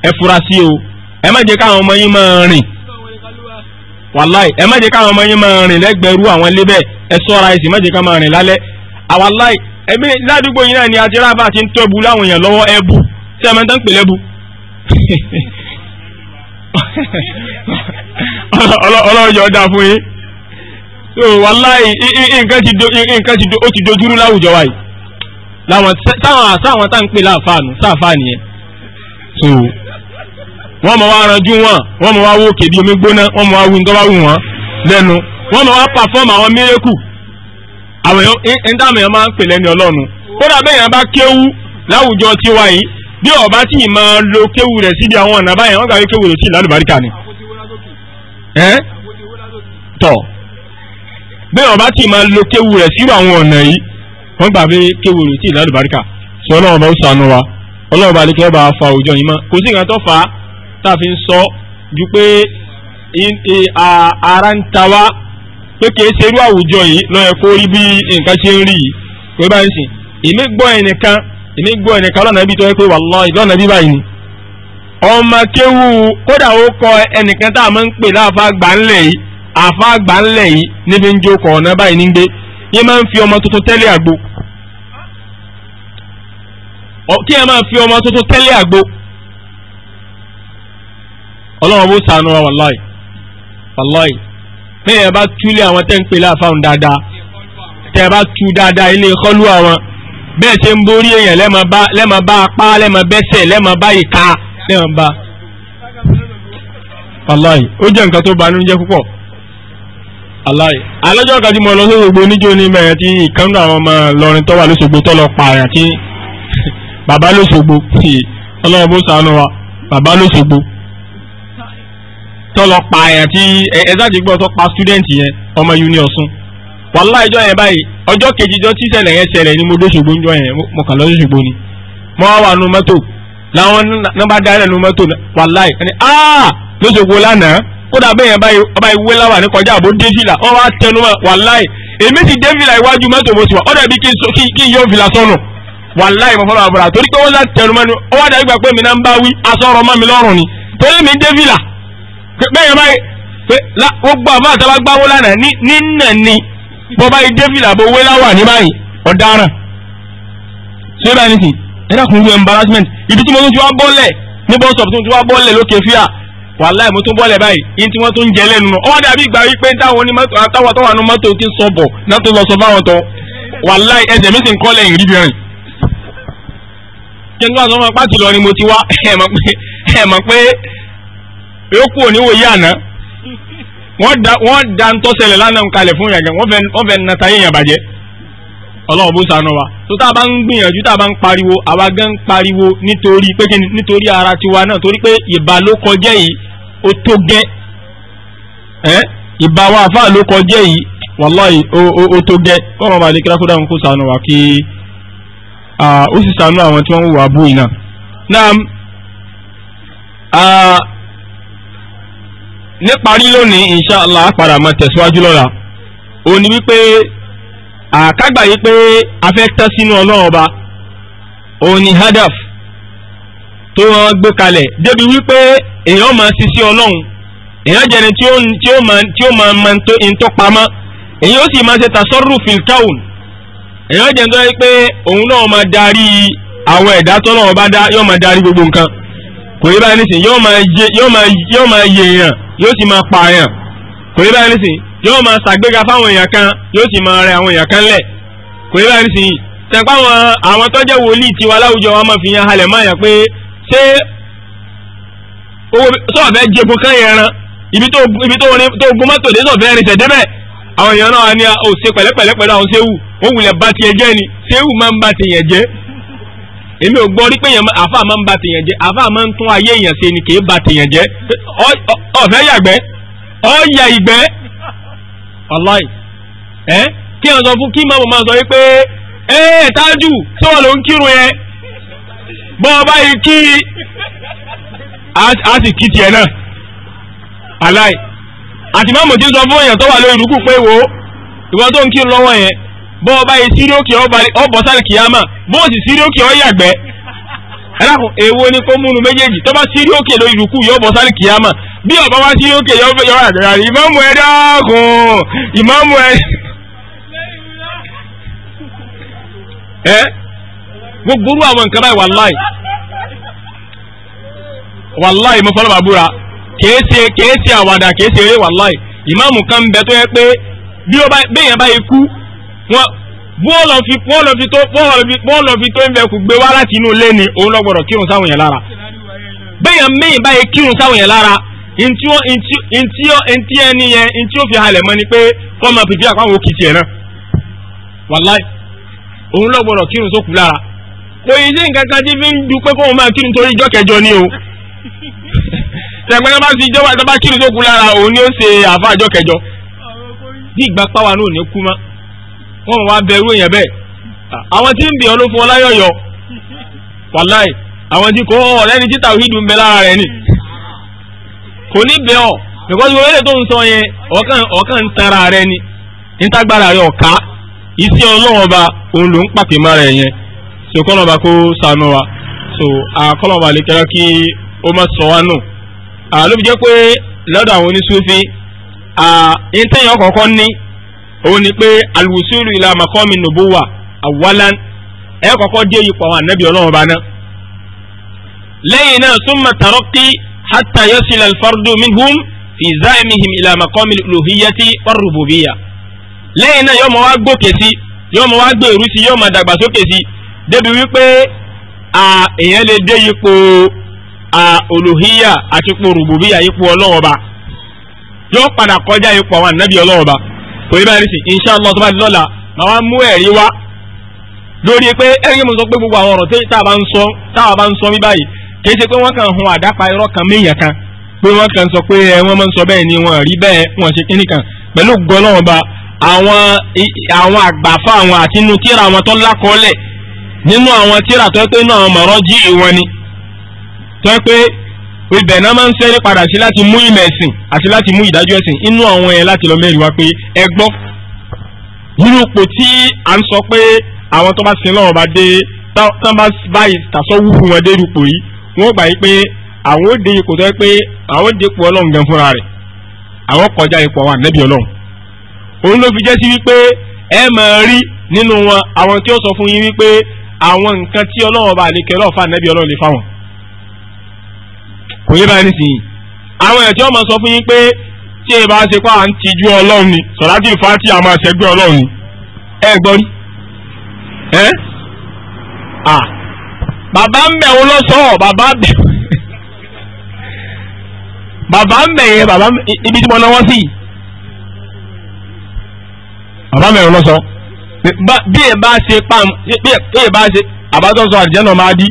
ẹ fura sí o ẹ má jẹ́ káwọn ọmọ yín máa rìn wàláì ẹ má jẹ́ káwọn ọmọ yín máa rìn lẹ́gbẹ̀rú àwọn ilé bẹ́ẹ̀ ẹ sọ́ra ẹ sì má jẹ́ ká máa rìn lálẹ́ àwàláì ẹ ọlọ́run yọ̀ dáa fún yín so wàláì nǹkan ti do nǹkan ti do ó ti dojúrú láwùjọ wa yìí làwọn táwọn táwọn tá ń pè láàfáànù sáàfáànù yẹn so wọ́n mọ̀ wá ranjú wọn wọ́n mọ̀ wá wó kèbí omi gbóná wọ́n mọ̀ wá wí nítorí wá wù wọ́n lẹ́nu wọ́n mọ̀ wá pàfọ́ọ̀mù àwọn mírèkù àwọn èèyàn ń dààmú máa ń pè lẹ́ni ọlọ́run kódà bẹ́ẹ̀ yẹn bá kéwú láwùjọ tiwa yìí bí ọba tí ì máa lo kéwù rẹ̀ síbi àwọn ọ̀nà báyẹn wọ́n gbà wí kéwù rẹ̀ sí ìlàlùbáríkà ni. tọ̀ bí ọba tí ì máa lo kéwù rẹ̀ síbi àwọn ọ̀nà yìí wọ́n gbà wí kéwù rẹ̀ sí ìlàlùbáríkà sọ ọlọ́run ọba ó sànú wa ọlọ́run ọba àlekẹ́ ọba fa òjò yìí mọ́ kò sí nǹkan tó tá a fi ń sọ ju pé e, ara ń ta wá pé kìí ṣe irú àwùjọ yìí lọ́yẹ̀ kó rí bí nǹkan ṣe ń rí yìí pé báyìí sìn èmi gbọ́ ẹnìkan èmi gbọ́ ẹnìkan lọ́nà bí tó yẹ pé wallahi lọ́nà bí báyìí ni ọmọ kéwu kódà ó kọ ẹnìkan tá a máa ń pè láàfà gbàǹlẹ̀ yìí àfà gbàǹlẹ̀ yìí níbi ń jókòó ọ̀nà báyìí ní gbé yẹn máa ń fi ọmọ tuntun tẹ́lẹ̀ àgbo kí ẹ máa fi ọmọ tuntun tẹ́lẹ̀ àgbo ọlọ́run bó sànù wa wàláì wàláì bẹ́ẹ̀ bá túlẹ̀ àwọn tẹ́ ń pè láàfà ń dáadáa tẹ́ bá tú dáadáa ilé ìkọlù àwọn. bẹ́ẹ̀ ṣe ń borí èèyàn lẹ́mọ̀ bá apá lẹ́mọ̀ bẹ́sẹ̀ lẹ́mọ̀ bá ìka lẹ́mọ̀ bá. aláì ó jẹ́ nǹkan tó banú jẹ́ púpọ̀ aláì alájọ́ kan tí mo lọ sóṣogbo níjó ní mẹ́rin tí ìkànnì àwọn ọmọ lọrin tó wà lóṣogbo tó lọ bàbá lóṣogbo wa bàbá lóṣogbo tó lọ pa àyà tí pa student yẹn ọmọ union wàhálà ìjọ yẹn báyìí ọjọ́ kejì jọ tí ìṣẹ̀lẹ̀ yẹn ṣẹlẹ̀ ni mo dóṣogbo ń jọ yẹn mo kàn lọ dóṣogbo ni mo wá wà nù mọ́tò làwọn nọ́mbà dáná nù mọ́tò wàhálà yìí ẹni aa ah! dóṣogbo lánàá kódà bẹ́ẹ̀ yẹn báyìí ọba ìwé láwà ní kọjá àbó dé fìlà wọ́n wá tẹnu mọ́ wàhálà yìí èmi ti dé iwájú mọ́tò mo ti wà ọ̀dọ̀ ibi kí n yóò fìlà sọnù wàhálà yìí mo bọ́bá yìí david àbò wẹ́lá wà ní báyìí ọ̀daràn ṣé báyìí nìsín ẹ̀dá kùn wú embarrassment ibi tí mo tún ti wá bọ́lẹ̀ ní bọ́sọ̀pù tó ti wá bọ́lẹ̀ lókè fíà wàláì mo tún bọ́lẹ̀ báyìí yín tí wọ́n tún jẹ lẹ́nu náà ọ̀dà bí ìgbà wípé táwọn onímọ́tò àtàwọn tó wà nínú mọ́tò ti sọ bọ̀ náà tó lọ sọ fáwọn tán wàláì ẹsẹ̀ mi sì ń kọ́lẹ̀ ìrìn bìrìn. kí n tó àtọ́ mọ́ pàtì lọ ni mo ti wá ẹ̀ mọ̀ pé wọ́n da wọ́n da ń tọ́sẹ̀lẹ̀ lánàá ń kalẹ̀ fún yàgẹ̀ wọ́n fẹ́ wọ́n nata yẹn bàjẹ́ ọlọ́run bó sànù wa tó tá a bá ń gbìyànjú tá a bá ń pariwo àwa gan ń pariwo nítorí pé kí nítorí ara tiwa náà torí pé ìbà ló kọjẹ́ yìí ó tó gẹ́ ẹ́ ìbà wa àfa ló kọjẹ́ yìí wàláì ó tó gẹ́ kọ́ ọ̀rọ̀ balẹ̀ kílákó dáhùn kó sànù wa kí ó sì sànù àwọn tí wọ́n ń wà bóyìí náà níparí lónìí inṣàlá padà máa tẹ̀síwájú lọ́la òun wípé àkágbà yìí pé a fẹ́ tán sínú ọlọ́run ọba òun hadaf tó wọn gbé kalẹ̀ débi wípé èèyàn máa ṣiṣẹ́ ọlọ́run èèyàn jẹni tí ó tí ó máa tí ó máa ma tó ìtọ́ pamọ́ èèyàn ó sì máa ṣe tasọ́rù filkaun èèyàn jẹni tó yẹ pé òun náà máa darí àwọn ẹ̀dá tó náà bá dá yóò máa darí gbogbo nǹkan kò yẹ báyìí nísìn yóò máa yé yóò máa yé èèyàn yóò sì máa pa èèyàn kò yẹ báyìí nísìn yóò máa ṣàgbéga fáwọn èèyàn kan yóò sì máa rẹ àwọn èèyàn kan lẹ̀ kò yẹ báyìí nísìn tẹ̀pá àwọn àwọn tọ́jẹ́ wòlíì tiwa láwùjọ wa máa fi yan halẹ̀ máa yàn pé ṣé owó sọ̀fẹ́ jẹ̀kun kan yẹn ran ibi tó ibi tó rin tó gun mọ́tò dé sọ̀fẹ́ rin tẹ̀dẹ́bẹ̀ àwọn èèyàn náà ni ó ṣe pẹ̀lẹ́pẹ̀lẹ́ pẹ̀lú àwọn séwù ó wulẹ̀ bá tiẹ̀ jẹ́ ni séwù máa ń bá tiẹ̀ jẹ́ èmi ò gbọ́ rí pé àfa máa ń ba tèèyàn jẹ́ àfa máa ń tún ayé èèyàn ṣe ni kì í ba tèèyàn jẹ́ ọ̀fẹ́ yàgbẹ́ ọ̀yà ìgbẹ́ ọláì ẹ kí wọn sọ fún kí màmú máa sọ yìí pé ẹ ẹ tájù tí wọn lò ń kírun yẹn bọ́ ọ báyìí kí a sì kí tiẹ̀ náà aláì àti màmú ti sọ fún èèyàn tó wà lórí ìrúkú pé wo ìwọ tó ń kírun lọ́wọ́ yẹn bọ́ ọba yìí sírí òkè kìyàmà o sì ọ yàgbẹ́ ẹlẹ́kùn èwo ni kó múnu méjèèjì tọ́ba sírí lórí ìrùkù yóò bọ̀ kìyàmà bí ọba wa sírí yọ àgbẹ̀rẹ̀ àrí ìmáàmù ẹ̀ dákun ẹ̀. ẹ gbogbo orú àwọn nǹkan báyìí bọ́ọ̀lù fi bọ́ọ̀lù fi tó bọ́ọ̀lù fi bọ́ọ̀lù fi tó ń bẹ kò gbé wá láti inú ilé ni òun lọ́gbọ̀dọ̀ kírun sáwọn yẹn lára bẹ́yàn mẹ́yìn báyìí kírun sáwọn yẹn lára ntí ntí ẹni yẹn ntí ó fi halẹ̀ mọ́ ni pé kọ́ máa pèsè àpáwọn òkìtì ẹ̀ náà wàláì òun lọ́gbọ̀dọ̀ kírun sókù lára kò yí sí nǹkan kan tí fi ń du pé kóun máa kírun torí ìjọ kẹjọ ni o tẹ̀gbọ́n bá fi ìjọba kírun sókù lára òun ni ó ṣe àfa àjọ kẹjọ bí ìgbà pàwọn náà ò ní kú mọ́. wọn mọ̀ wá bẹ̀rù èèyàn bẹẹ. àwọn tí ń bì fún ọ wàláì àwọn tí kò ọ ni títà òhìdù ń bẹ lára rẹ̀ ni kò ní bẹ̀ ọ́ because wọ́n tó ń sọ yẹn ń tara rẹ̀ ni nítagbára ọ̀ka iṣẹ́ òun ló ń yẹn so wa so lè kí ó má sọ òun ni pé alùsùlù ìlà màkọ́mi nùbúwà àwàlán ẹ kọ́kọ́ dé ipò àwọn ànábì ọlọ́run ọba náà. lẹ́yìn náà súnmọ́ tàrọ́kì hàtà yọ́sílẹ̀ alfardu minhum fi záìmihim ìlà màkọ́mi lùhíyẹ́tì ọ̀rùbùbíyà. lẹ́yìn náà yọ́mọ wá gòkè sí yọ́mọ wá gbèrú sí yọ́mọ dàgbàsókè sí débi wípé èèyàn lè dé ipò olùhíyà àti ipò rùbùbíyà ipò ọlọ́run ọba yóò padà kọjá ipò àwọn ànábì ọlọ́run ọba kò yí báyìí nísìn insha Allah tó bá di lọ́la màá wá mú ẹ̀rí wá lórí pé ẹ̀rí mo sọ pé gbogbo àwọn ọ̀rọ̀ tá a bá ń sọ tá a bá ń sọ mí báyìí kì í ṣe pé wọ́n kàn hun àdápa irọ́ kan méèyàn kan pé wọ́n kàn sọ pé ẹ wọ́n máa ń sọ bẹ́ẹ̀ ni wọ́n rí bẹ́ẹ̀ wọ́n ṣe kíní kan pẹ̀lú gọlọ́wọ́n ba àwọn àwọn àgbàfà àwọn àtinú tíra àwọn tó lákọọ́lẹ̀ nínú àwọn tíra tó yẹ pé inú àwọn mọ̀rọ́ jí ìwọ ni tó yẹ pé ibẹ̀ náà máa ń sẹ́rí padà sí láti mú ìmọ̀ ẹ̀sìn àti láti mú ìdájọ́ ẹ̀sìn inú àwọn ẹ̀ láti lọ mẹ́rin wá pé ẹ gbọ́ nínú ipò tí à ń sọ pé àwọn tó bá sin lọ́wọ́ bá dé tán bá báyìí tàṣọ wúfu wọn dé ipò yìí wọ́n gbà yìí pé àwọn ó de ipò tó yẹ pé àwọn ó de ipò ọlọ́run gan fúnra rẹ̀ àwọn kọjá ipò àwọn ànẹ́bí ọlọ́run òun ló fi jẹ́ sí wípé ẹ máa rí nínú wọn àwọn tí ó sọ fún yín wípé àwọn nǹkan tí ọlọ́run bá lè lọ́ọ̀fà ànẹ́bí ọlọ́run lè fáwọn kò yé báyìí nísìnyí àwọn èèyàn tí wọ́n máa sọ fún yín pé tí ẹ bá ṣe pé à ń tijú ọlọ́run ni sọ̀dájú ìfàtí àmọ́ àṣẹgbẹ́ ọlọ́run ni ẹ gbọ́ rí ẹ à bàbá ń bẹ̀ wọ́n lọ́sọ̀ọ́ bàbá bẹ̀ bàbá ń bẹ̀ yẹn bàbá ibi tí mo náwó sí bàbá mẹ̀rún lọ́sọ bí ẹ bá ṣe pàm bí ẹ bá ṣe àbájọ́sọ àdìjẹ́ náà máa di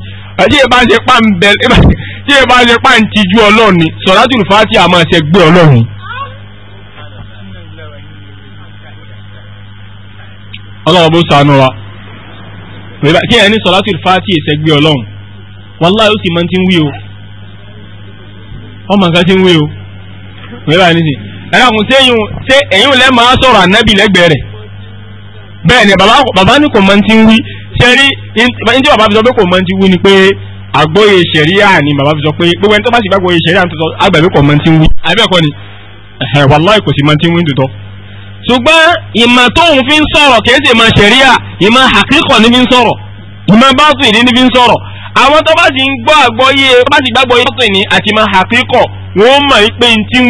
bí bá ṣe pàm bẹ̀rẹ̀ tí ẹ bá ṣe páǹtì ju ọlọ́run ni sọ̀rọ̀tù fàtí àmọ́ ṣe gbé ọlọ́run. ọlọ́run bó sànú wa kí ẹni sọ̀rọ̀tù fàtí ẹ̀ṣẹ̀ gbé ọlọ́run wàláhì ó sì máa ti ń wí o ọmọ nǹkan ti ń wí o wíwá ní sí ẹ̀rọ àwọn sẹ́yìn ṣé ẹ̀yìn lẹ́ máa sọ̀rọ̀ ànábì lẹ́gbẹ̀ẹ́ rẹ̀ bẹ́ẹ̀ ni bàbá ní kò máa ti ń wí ṣe rí ní tí bàbá fi sọ pé kò máa ti wí ni pé àgbóyè sẹ̀ríà ni bàbá fi sọ pé gbogbo ẹni tó bá sì gbàgbóyè sẹ̀ríà ń tọ́tọ́ àgbàgbé kò mọ́ntí ń wí àbẹ́ẹ̀kọ́ ni wàláì kò sí mọ́ntí ń wí tòótọ́. ṣùgbọ́n ìmọ̀ tóun fi ń sọ̀rọ̀ kìí ṣe ìmọ̀ sẹ̀ríà ìmọ̀ àkíkọ̀ ni fi ń sọ̀rọ̀ ìmọ̀ báṣù ìní ni fi ń sọ̀rọ̀ àwọn tó bá sì ń gbọ́ àgbọ́yé tó bá sì gbàgbọ́yé tó ní àti ìmọ̀ àkíkọ̀ wọ́n mọ̀ pé n ti ń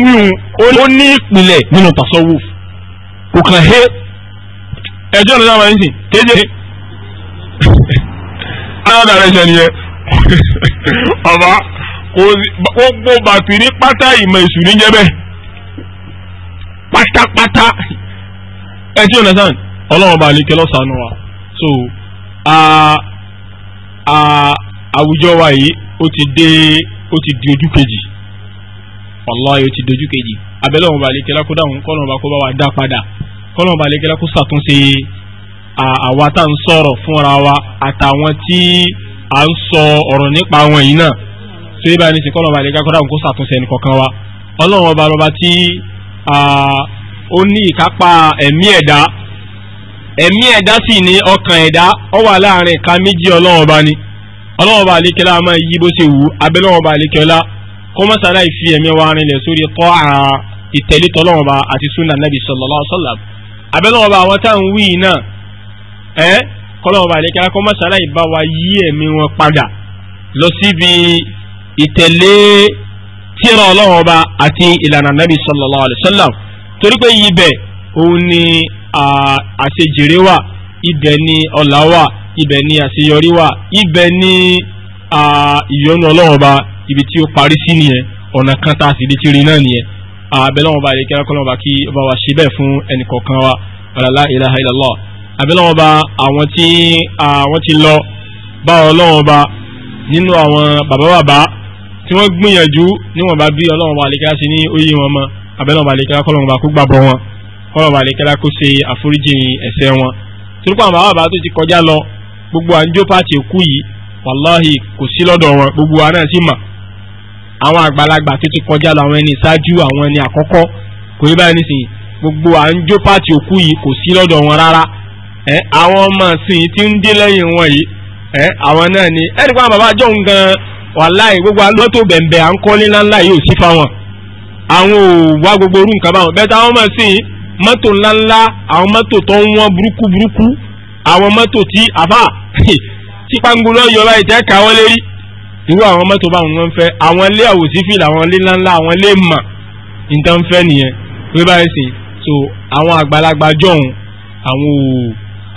wíhun ọba gbogbo bàtìrí pátá ìmọ̀ èṣù níjẹ́ bẹ́ẹ̀ pátápátá ẹ tí ọ̀nà sàn ọlọ́run ọba àlekẹ́ lọ́sàn-án wa so àwùjọ wa yìí ó ti dé ó ti di ojú kejì wàláyé ó ti di ojú kejì abẹ́lẹ́ ọ̀nà ọba àlekẹ́ lákó dáhùn kọ́nà ọba kó bá wa dá padà kọ́nà ọba àlekẹ́ lákó ṣàtúnṣe àwa tá à sọ̀rọ̀ fúnra wa àtàwọn tí à ń sọ ọ̀rọ̀ nípa àwọn yìí náà tó yẹ báyìí ní sìnkọ́ ọlọ́ba àdéga kọ́dà kó ṣàtúnṣe ẹnì kọ̀ọ̀kan wa ọlọ́run ọba lọ́ba tí ó ní ìkápá ẹ̀mí ẹ̀dá ẹ̀mí ẹ̀dá sì ní ọkàn ẹ̀dá ó wà láàrin ìka méjì ọlọ́run ọba ni ọlọ́run ọba àlékẹ́lá máa yí bó ṣe wù ú abẹ́lọ́run ọba àlékẹ́lá kọ́mọ́sára ìfi ẹ̀mí wa rinlẹ̀ sórí tọ́ ìtẹ̀lé tọ́lọ́run ọba àti súnà nàbì sallallahu alaihi wasallam abẹ́lọ́run ọba àwọn táwọn wíì náà ẹ́ kọ́lọ́wọ́ bá àlékẹ́lá kọ́ mọ́sálá ìbá wa yí ẹ̀mí wọn padà lọ síbi ìtẹ̀lé tírà ọlọ́wọ́ bá àti ìlànà nàbì sallallahu alaihi torí pé ibẹ̀ òun ni àṣejèrè wà ni ọlá wà ni àṣeyọrí wà ni ìyọnu ibi tí ó parí sí nìyẹn ọ̀nà kan tá a sì di ti náà nìyẹn àbẹ̀lọ́wọ́ bá bá kí ọba wa ṣe bẹ́ẹ̀ fún wa àbílọ́wọ́n ba àwọn tí àwọn ti lọ bá ọlọ́wọ́n ba nínú àwọn bàbá bàbá tí wọ́n gbìyànjú níwọ̀n bá bí ọlọ́wọ́n ba àlekẹ́lá sí ní oyè wọn mọ́ àbẹ́lọ́wọ́n ba àlekẹ́lá kọ́lọ́wọ́n ba kó gbàbọ̀ wọn kọ́lọ́wọ́n ba àlekẹ́lá kó ṣe àforíjì ẹ̀ṣẹ̀ wọn torí pé àwọn bàbá bàbá tó ti kọjá lọ gbogbo àńjó pàtì kú yìí wàláhì kò sí lọ́dọ̀ wọn gbogbo àwọn àgbàlagbà tó ti kọjá lọ pàtì òkú yìí kò sí lọ́dọ̀ wọn rárá ẹ àwọn ọmọ sìn tí ń dé lẹ́yìn wọn yìí ẹ àwọn náà ni ẹni pa bàbá àjọ nǹkan wàláì gbogbo alọ́tò bẹ̀m̀bẹ̀ à ń kọ́lé ńláńlá yìí ò sí fáwọn àwọn ò wá gbogbo orú nǹkan báwọn bẹ́ẹ̀ táwọn ọmọ sìn mọ́tò ńláńlá àwọn mọ́tò tó ń wọ́n burúkú burúkú àwọn mọ́tò tí àbá tí pangolo yọ báyìí tẹ́ káwọ́ lérí irú àwọn mọ́tò báwọn wọn fẹ́ àwọn ilé àwòsífìl àwọn ilé ńláńlá àwọn ilé so àwọn àgbàlagbà jọ̀hún àwọn ò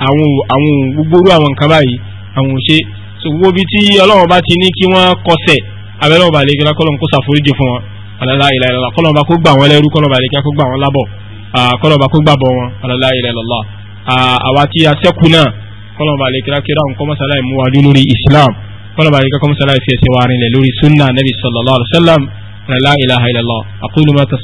àwọn àwọn gbogbo àwọn nǹkan báyìí àwọn ò ṣe so gbogbo bíi tí ọlọ́run bá ti ní kí wọ́n kọsẹ̀ abẹ́rẹ́ ọba àlejò kọ́lọ́n kó ṣàforíjì fún wọn alala ilẹ̀ ìlọ́lá kọ́lọ́n bá kó gbà wọn lẹ́rú kọ́lọ́n bá àlejò kó gbà wọn lábọ̀ kọ́lọ́n bá kó gbà bọ̀ wọn alala ilẹ̀ ìlọ́lá àwa tí a sẹ́kù náà kọ́lọ́n bá àlejò kíra nǹkan mọ́sálà ìmú wa lórí Islam kọ́lọ́n bá àlejò kọ́mọ́sálà ìfẹsẹ̀ wa rinlẹ̀ lórí sunna nabi sallallahu alayhi wa sallam alala ilaha illallah aqulu ma tas